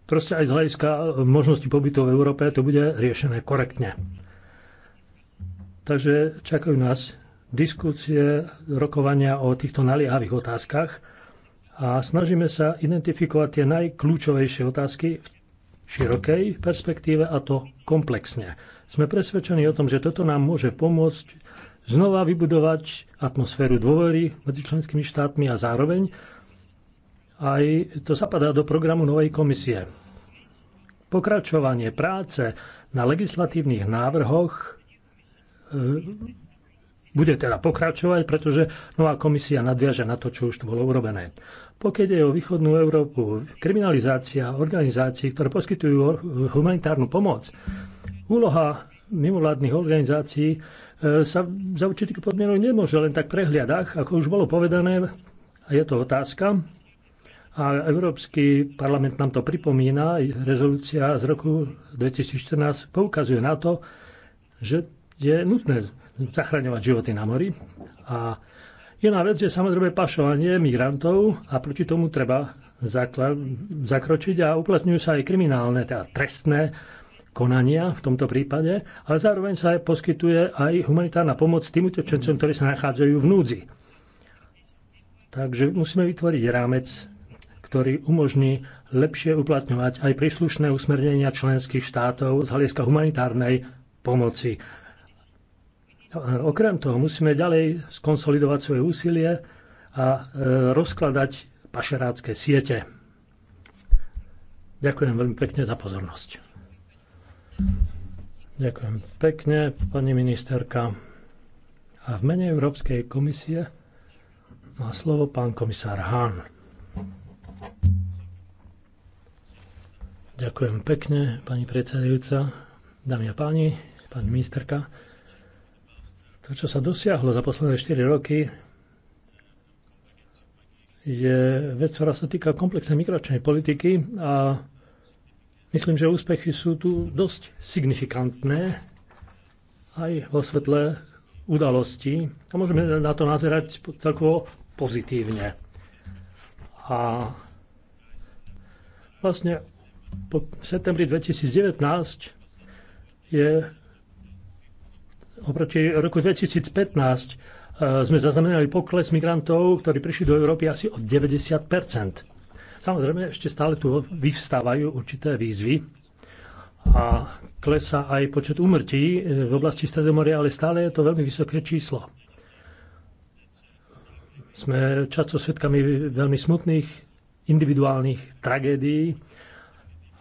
proste aj z hľadiska možnosti pobytu v Európe to bude riešené korektne. Takže čakajú nás diskusie, rokovania o týchto naliehavých otázkach a snažíme sa identifikovať tie najkľúčovejšie otázky v širokej perspektíve a to komplexne. Sme presvedčení o tom, že toto nám môže pomôcť znova vybudovať atmosféru dôvery medzi členskými štátmi a zároveň aj to zapadá do programu novej komisie. Pokračovanie práce na legislatívnych návrhoch e, bude teda pokračovať, pretože nová komisia nadviaže na to, čo už tu bolo urobené. Pokiaľ je o východnú Európu, kriminalizácia organizácií, ktoré poskytujú humanitárnu pomoc, úloha mimovládnych organizácií e, sa za určitých podmienok nemôže len tak prehliadať, ako už bolo povedané, a je to otázka. A Európsky parlament nám to pripomína, rezolúcia z roku 2014 poukazuje na to, že je nutné zachraňovať životy na mori a na vec je samozrejme pašovanie migrantov a proti tomu treba zakročiť a uplatňujú sa aj kriminálne, teda trestné konania v tomto prípade, ale zároveň sa aj poskytuje aj humanitárna pomoc tým utečencom, ktorí sa nachádzajú v núdzi. Takže musíme vytvoriť rámec, ktorý umožní lepšie uplatňovať aj príslušné usmernenia členských štátov z hľadiska humanitárnej pomoci a okrem toho musíme ďalej skonsolidovať svoje úsilie a e, rozkladať pašerácké siete. Ďakujem veľmi pekne za pozornosť. Ďakujem pekne, pani ministerka. A v mene Európskej komisie má slovo pán komisár Hahn. Ďakujem pekne, pani predsedajúca, dámy a páni, pani ministerka. To, čo sa dosiahlo za posledné 4 roky, je vec, ktorá sa týka komplexnej migračnej politiky a myslím, že úspechy sú tu dosť signifikantné aj vo svetle udalostí a môžeme na to nazerať celkovo pozitívne. A vlastne po septembri 2019 je Oproti roku 2015 e, sme zaznamenali pokles migrantov, ktorí prišli do Európy asi o 90 Samozrejme, ešte stále tu vyvstávajú určité výzvy a klesá aj počet úmrtí e, v oblasti Stredomoria, ale stále je to veľmi vysoké číslo. Sme často svedkami veľmi smutných individuálnych tragédií,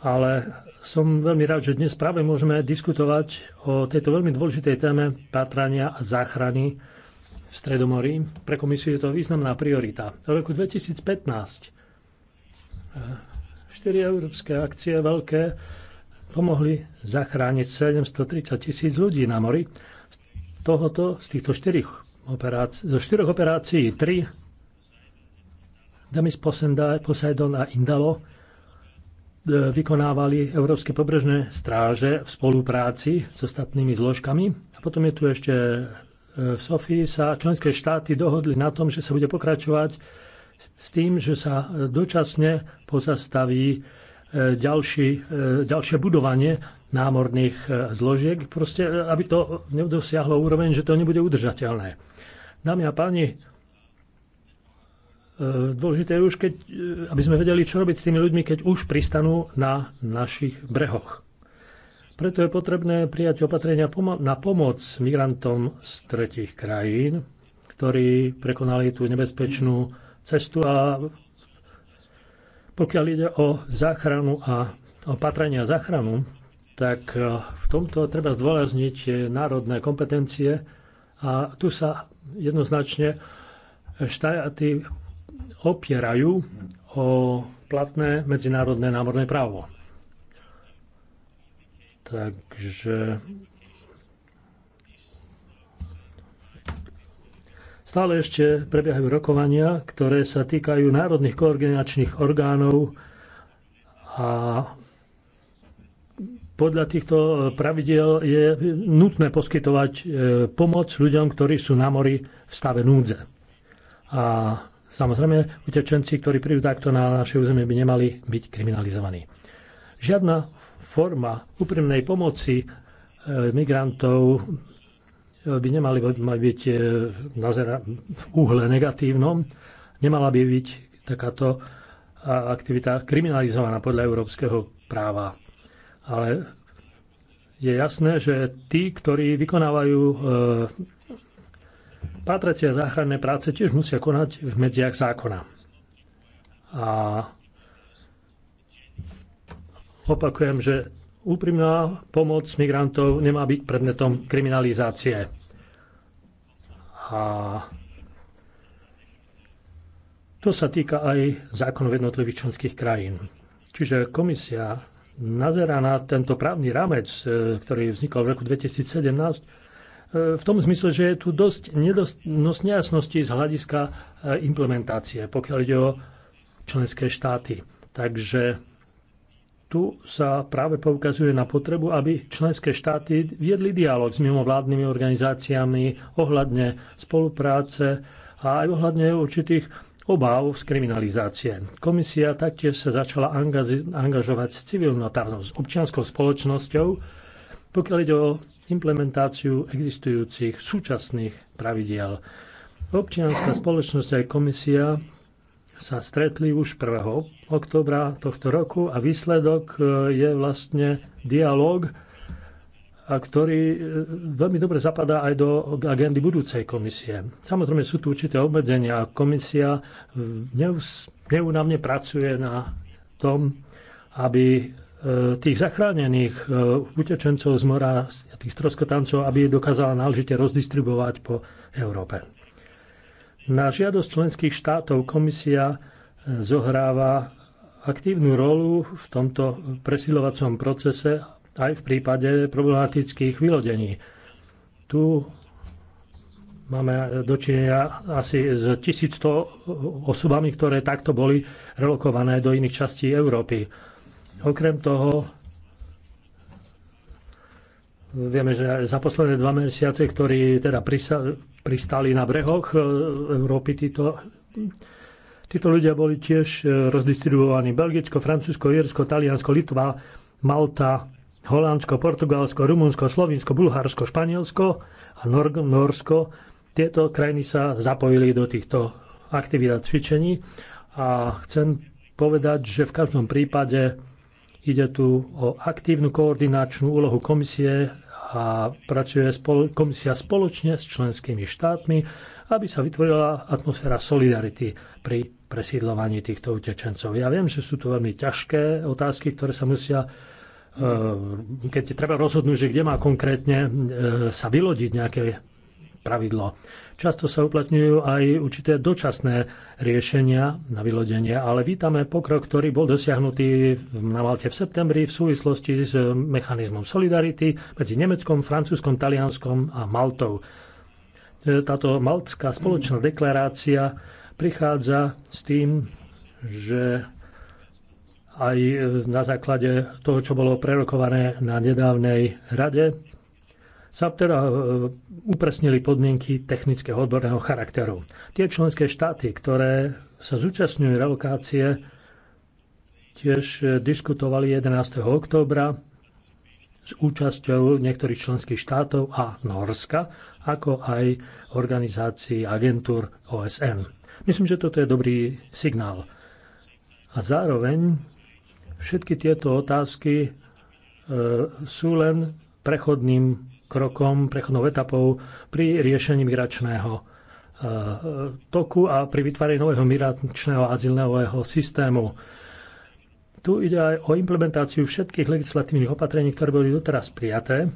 ale som veľmi rád, že dnes práve môžeme diskutovať o tejto veľmi dôležitej téme pátrania a záchrany v Stredomorí. Pre komisiu je to významná priorita. V roku 2015 eh, štyri európske akcie veľké pomohli zachrániť 730 tisíc ľudí na mori. Z, tohoto, z týchto štyroch operácií, zo štyroch operácií tri Damis Poseidon a Indalo vykonávali Európske pobrežné stráže v spolupráci s ostatnými zložkami. A potom je tu ešte e, v Sofii sa členské štáty dohodli na tom, že sa bude pokračovať s tým, že sa dočasne pozastaví e, ďalší, e, ďalšie budovanie námorných zložiek, proste aby to nedosiahlo úroveň, že to nebude udržateľné. Dámy a páni, Dôležité je už, keď, e, aby sme vedeli, čo robiť s tými ľuďmi, keď už pristanú na našich brehoch. Preto je potrebné prijať opatrenia na pomoc migrantom z tretich krajín, ktorí prekonali tú nebezpečnú cestu a pokiaľ ide o záchranu a opatrenia záchranu, tak e, v tomto treba zdôrazniť e, národné kompetencie a tu sa jednoznačne štáty opierajú o platné medzinárodné námorné právo. Takže stále ešte prebiehajú rokovania, ktoré sa týkajú národných koordinačných orgánov a podľa týchto e, pravidel je nutné poskytovať e, pomoc ľuďom, ktorí sú na mori v stave núdze. A Samozrejme, utečenci, ktorí prídu takto na naše územie, by nemali byť kriminalizovaní. Žiadna forma úprimnej pomoci e, migrantov e, by nemali byť e, v úhle negatívnom. Nemala by byť takáto aktivita kriminalizovaná podľa európskeho práva. Ale je jasné, že tí, ktorí vykonávajú Pátracie a záchranné práce tiež musia konať v medziach zákona. A opakujem, že úprimná pomoc migrantov nemá byť predmetom kriminalizácie. A to sa týka aj zákonov jednotlivých členských krajín. Čiže komisia nazerá na tento právny rámec, e, ktorý vznikol v roku 2017 v tom zmysle, že je tu dosť nejasnosti z hľadiska e, implementácie, pokiaľ ide o členské štáty. Takže tu sa práve poukazuje na potrebu, aby členské štáty viedli dialog s mimovládnymi organizáciami ohľadne spolupráce a aj ohľadne určitých obáv z kriminalizácie. Komisia taktiež sa začala angažovať s civilnou, pardon, s občianskou spoločnosťou, pokiaľ ide o implementáciu existujúcich súčasných pravidiel. Občianská spoločnosť aj komisia sa stretli už 1. oktobra tohto roku a výsledok e, je vlastne dialog, a e, ktorý e, veľmi dobre zapadá aj do agendy budúcej komisie. Samozrejme sú tu určité obmedzenia a komisia neunavne pracuje na tom, aby E, tých zachránených e, utečencov z mora, tých stroskotancov, aby dokázala náležite rozdistribovať po Európe. Na žiadosť členských štátov komisia e, zohráva aktívnu rolu v tomto presilovacom procese aj v prípade problematických vylodení. Tu máme dočinenia asi s 1100 osobami, ktoré takto boli relokované do iných častí Európy. Okrem toho, vieme, že za posledné dva mesiace, ktorí teda pristali na brehoch e, Európy, títo, títo ľudia boli tiež e, rozdistribuovaní. Belgicko, Francúzsko, Írsko, Taliansko, Litva, Malta, Holandsko, Portugalsko, Rumunsko, Slovinsko, Bulharsko, Španielsko a Nor- Norsko. Tieto krajiny sa zapojili do týchto aktivít a cvičení a chcem povedať, že v každom prípade Ide tu o aktívnu koordinačnú úlohu komisie a pracuje spolo- komisia spoločne s členskými štátmi, aby sa vytvorila atmosféra solidarity pri presídlovaní týchto utečencov. Ja viem, že sú to veľmi ťažké otázky, ktoré sa musia e, keď treba rozhodnúť, že kde má konkrétne e, sa vylodiť nejaké pravidlo. Často sa uplatňujú aj určité dočasné riešenia na vylodenie, ale vítame pokrok, ktorý bol dosiahnutý na Malte v septembri v súvislosti s mechanizmom solidarity medzi Nemeckom, Francúzskom, Talianskom a Maltou. Táto maltská spoločná deklarácia prichádza s tým, že aj na základe toho, čo bolo prerokované na nedávnej rade sa teda e, upresnili podmienky technického odborného charakteru. Tie členské štáty, ktoré sa zúčastňujú relokácie, tiež e, diskutovali 11. októbra s účasťou niektorých členských štátov a Norska, ako aj organizácií agentúr OSN. Myslím, že toto je dobrý signál. A zároveň všetky tieto otázky e, sú len prechodným krokom, prechodnou etapou pri riešení migračného e, toku a pri vytváraní nového migračného azylného systému. Tu ide aj o implementáciu všetkých legislatívnych opatrení, ktoré boli doteraz prijaté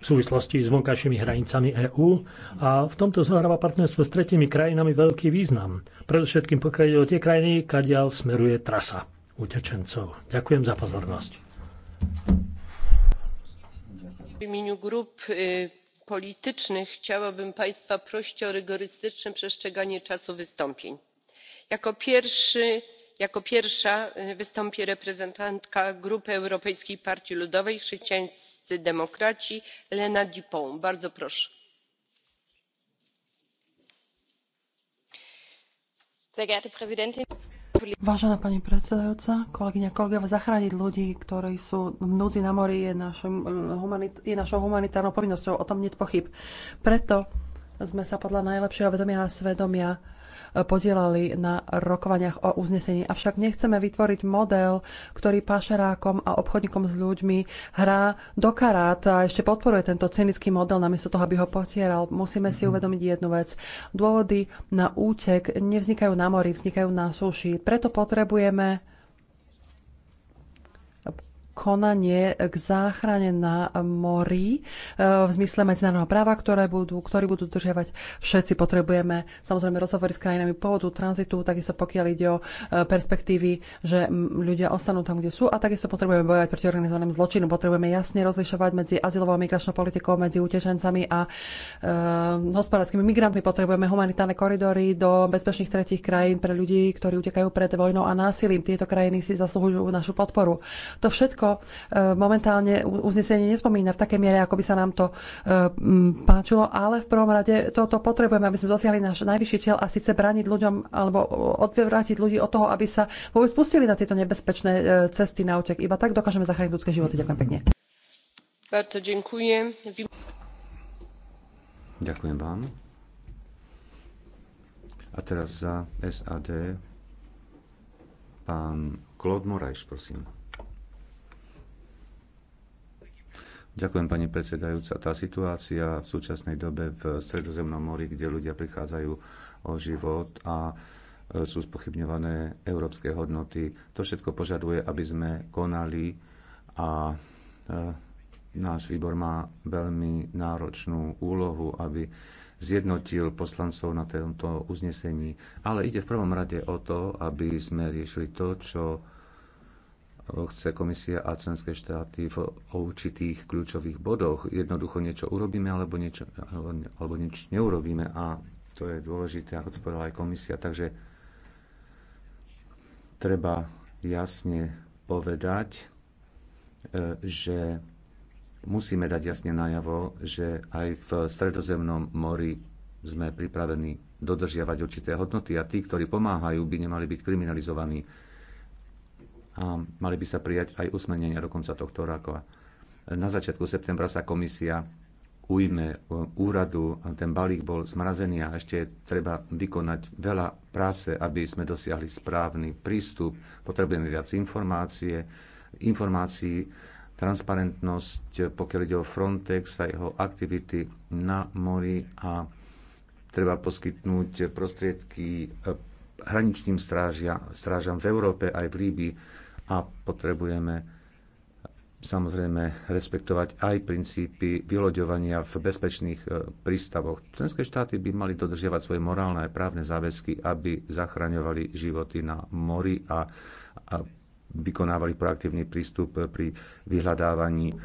v súvislosti s vonkajšími hranicami EÚ a v tomto zohráva partnerstvo s tretimi krajinami veľký význam. Predovšetkým pokiaľ ide o tie krajiny, kadiaľ smeruje trasa utečencov. Ďakujem za pozornosť w imieniu grup politycznych chciałabym państwa prosić o rygorystyczne przestrzeganie czasu wystąpień. jako pierwsza wystąpi reprezentantka grupy europejskiej partii ludowej chrześcijańscy demokraci elena dpont. bardzo proszę. sehr geehrte präsidentin! Vážená pani predsedajúca, kolegyňa, kolegovia, zachrániť ľudí, ktorí sú v núdzi na mori, je, našim, eh, humanit- je našou humanitárnou povinnosťou. O tom nie je pochyb. Preto sme sa podľa najlepšieho vedomia a svedomia E, podielali na rokovaniach o uznesení. Avšak nechceme vytvoriť model, ktorý pašerákom a obchodníkom s ľuďmi hrá do karát a ešte podporuje tento cynický model namiesto toho, aby ho potieral. Musíme si mhm. uvedomiť jednu vec. Dôvody na útek nevznikajú na mori, vznikajú na súši. Preto potrebujeme konanie k záchrane na mori e, v zmysle medzinárodného práva, ktoré budú, ktorý budú dodržiavať všetci. Potrebujeme samozrejme rozhovory s krajinami pôvodu, tranzitu, takisto pokiaľ ide o e, perspektívy, že ľudia ostanú tam, kde sú a takisto potrebujeme bojovať proti organizovanému zločinu. Potrebujeme jasne rozlišovať medzi azylovou a migračnou politikou, medzi utečencami a e, hospodárskymi migrantmi. Potrebujeme humanitárne koridory do bezpečných tretích krajín pre ľudí, ktorí utekajú pred vojnou a násilím. Tieto krajiny si zaslúžujú našu podporu. To všetko E, momentálne uznesenie nespomína v takej miere, ako by sa nám to e, páčilo, ale v prvom rade toto potrebujeme, aby sme dosiahli náš najvyšší cieľ a síce brániť ľuďom alebo odvrátiť ľudí od toho, aby sa vôbec pustili na tieto nebezpečné e, cesty na útek. Iba tak dokážeme zachrániť ľudské životy. Ďakujem pekne. Ďakujem vám. A teraz za SAD pán Claude Morajš, prosím. Ďakujem, pani predsedajúca. Tá situácia v súčasnej dobe v Stredozemnom mori, kde ľudia prichádzajú o život a e, sú spochybňované európske hodnoty, to všetko požaduje, aby sme konali a e, náš výbor má veľmi náročnú úlohu, aby zjednotil poslancov na tomto uznesení. Ale ide v prvom rade o to, aby sme riešili to, čo chce komisia a členské štáty v určitých kľúčových bodoch. Jednoducho niečo urobíme alebo, niečo, alebo nič neurobíme a to je dôležité, ako to povedala aj komisia. Takže treba jasne povedať, e, že musíme dať jasne najavo, že aj v stredozemnom mori sme pripravení dodržiavať určité hodnoty a tí, ktorí pomáhajú, by nemali byť kriminalizovaní a mali by sa prijať aj usmernenia do konca tohto roka. Na začiatku septembra sa komisia ujme úradu, ten balík bol zmrazený a ešte treba vykonať veľa práce, aby sme dosiahli správny prístup. Potrebujeme viac informácie, informácií, transparentnosť, pokiaľ ide o Frontex a jeho aktivity na mori a treba poskytnúť prostriedky hraničným strážia, strážam v Európe aj v Líbii a potrebujeme samozrejme rešpektovať aj princípy vyloďovania v bezpečných e, prístavoch. Členské štáty by mali dodržiavať svoje morálne a právne záväzky, aby zachraňovali životy na mori a, a vykonávali proaktívny prístup pri vyhľadávaní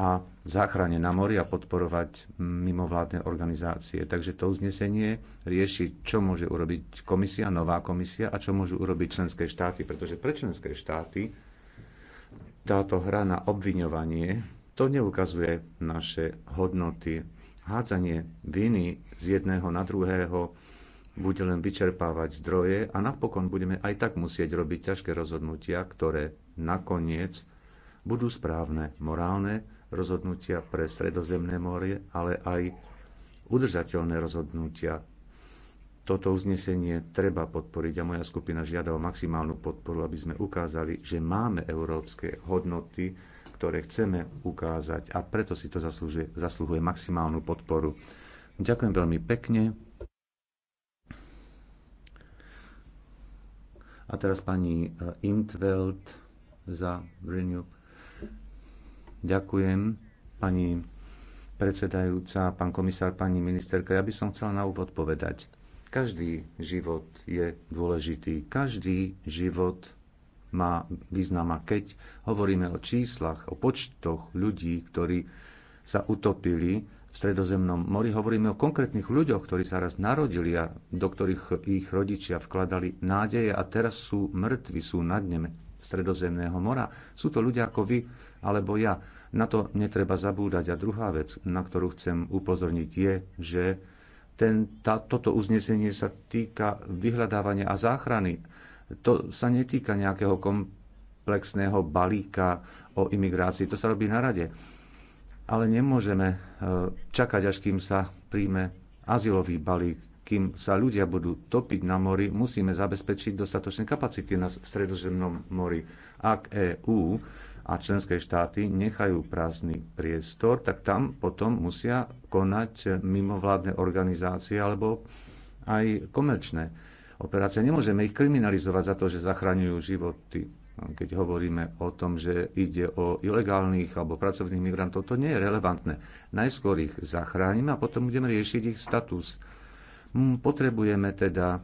a záchrane na mori a podporovať mimovládne organizácie. Takže to uznesenie rieši, čo môže urobiť komisia, nová komisia a čo môžu urobiť členské štáty. Pretože pre členské štáty táto hra na obviňovanie to neukazuje naše hodnoty. Hádzanie viny z jedného na druhého bude len vyčerpávať zdroje a napokon budeme aj tak musieť robiť ťažké rozhodnutia, ktoré nakoniec budú správne morálne rozhodnutia pre Stredozemné more, ale aj udržateľné rozhodnutia. Toto uznesenie treba podporiť a moja skupina žiada o maximálnu podporu, aby sme ukázali, že máme európske hodnoty, ktoré chceme ukázať a preto si to zaslúžuje, zaslúhuje maximálnu podporu. Ďakujem veľmi pekne. A teraz pani Intveld za Renew Ďakujem, pani predsedajúca, pán komisár, pani ministerka. Ja by som chcela na úvod povedať, každý život je dôležitý, každý život má význam. A keď hovoríme o číslach, o počtoch ľudí, ktorí sa utopili v Stredozemnom mori, hovoríme o konkrétnych ľuďoch, ktorí sa raz narodili a do ktorých ich rodičia vkladali nádeje a teraz sú mŕtvi, sú na dne, Stredozemného mora. Sú to ľudia ako vy alebo ja. Na to netreba zabúdať. A druhá vec, na ktorú chcem upozorniť, je, že ten, tá, toto uznesenie sa týka vyhľadávania a záchrany. To sa netýka nejakého komplexného balíka o imigrácii. To sa robí na rade. Ale nemôžeme e, čakať, až kým sa príjme azylový balík kým sa ľudia budú topiť na mori, musíme zabezpečiť dostatočné kapacity na stredozemnom mori. Ak EÚ a členské štáty nechajú prázdny priestor, tak tam potom musia konať mimovládne organizácie alebo aj komerčné operácie. Nemôžeme ich kriminalizovať za to, že zachraňujú životy. Keď hovoríme o tom, že ide o ilegálnych alebo pracovných migrantov, to nie je relevantné. Najskôr ich zachránime a potom budeme riešiť ich status Potrebujeme teda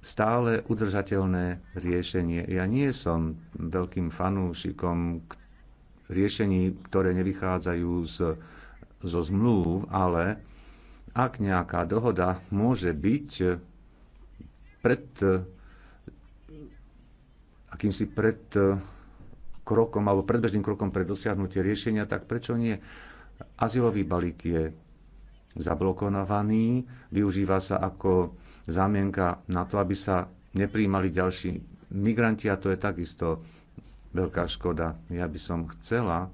stále udržateľné riešenie. Ja nie som veľkým fanúšikom riešení, ktoré nevychádzajú z, zo zmluv, ale ak nejaká dohoda môže byť pred akýmsi pred krokom alebo predbežným krokom pre dosiahnutie riešenia, tak prečo nie? Azylový balík je zablokovaný, využíva sa ako zámienka na to, aby sa nepríjmali ďalší migranti a to je takisto veľká škoda. Ja by som chcela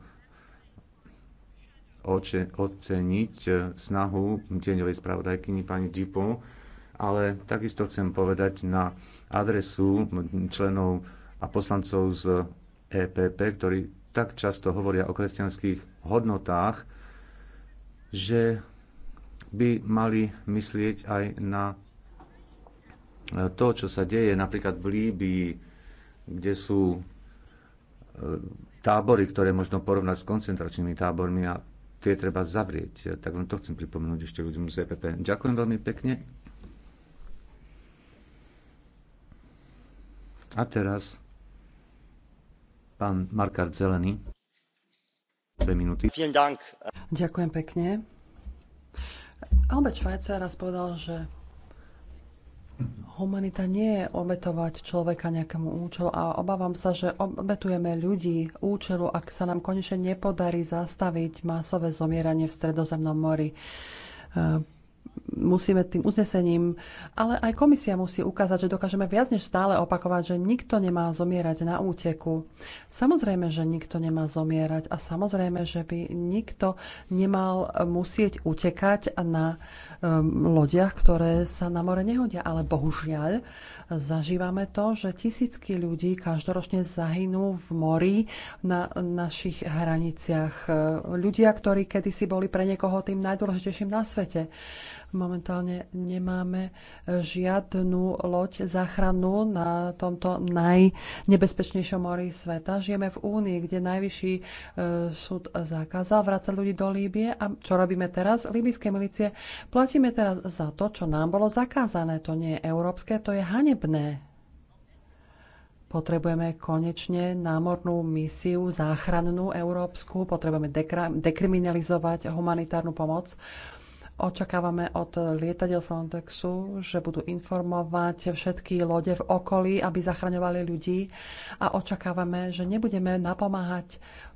oceniť snahu tieňovej spravodajkyni pani Džipo, ale takisto chcem povedať na adresu členov a poslancov z EPP, ktorí tak často hovoria o kresťanských hodnotách, že by mali myslieť aj na e, to, čo sa deje napríklad v Líbii, kde sú e, tábory, ktoré možno porovnať s koncentračnými tábormi a tie treba zavrieť. E, tak len to chcem pripomenúť ešte ľuďom z EPP. Ďakujem veľmi pekne. A teraz pán Markard Zelený. Dve minúty. Ďakujem pekne. Albert Schweitzer raz povedal, že humanita nie je obetovať človeka nejakému účelu a obávam sa, že obetujeme ľudí účelu, ak sa nám konečne nepodarí zastaviť masové zomieranie v stredozemnom mori musíme tým uznesením, ale aj komisia musí ukázať, že dokážeme viac než stále opakovať, že nikto nemá zomierať na úteku. Samozrejme, že nikto nemá zomierať a samozrejme, že by nikto nemal musieť utekať na um, lodiach, ktoré sa na more nehodia. Ale bohužiaľ zažívame to, že tisícky ľudí každoročne zahynú v mori na našich hraniciach. Ľudia, ktorí kedysi boli pre niekoho tým najdôležitejším na svete. Momentálne nemáme e, žiadnu loď záchrannú na tomto najnebezpečnejšom mori sveta. Žijeme v Únii, kde najvyšší e, súd zakázal vrácať ľudí do Líbie. A čo robíme teraz? Líbyské milície platíme teraz za to, čo nám bolo zakázané. To nie je európske, to je hanebné. Potrebujeme konečne námornú misiu záchrannú európsku, potrebujeme dekriminalizovať humanitárnu pomoc Očakávame od lietadiel Frontexu, že budú informovať všetky lode v okolí, aby zachraňovali ľudí a očakávame, že nebudeme napomáhať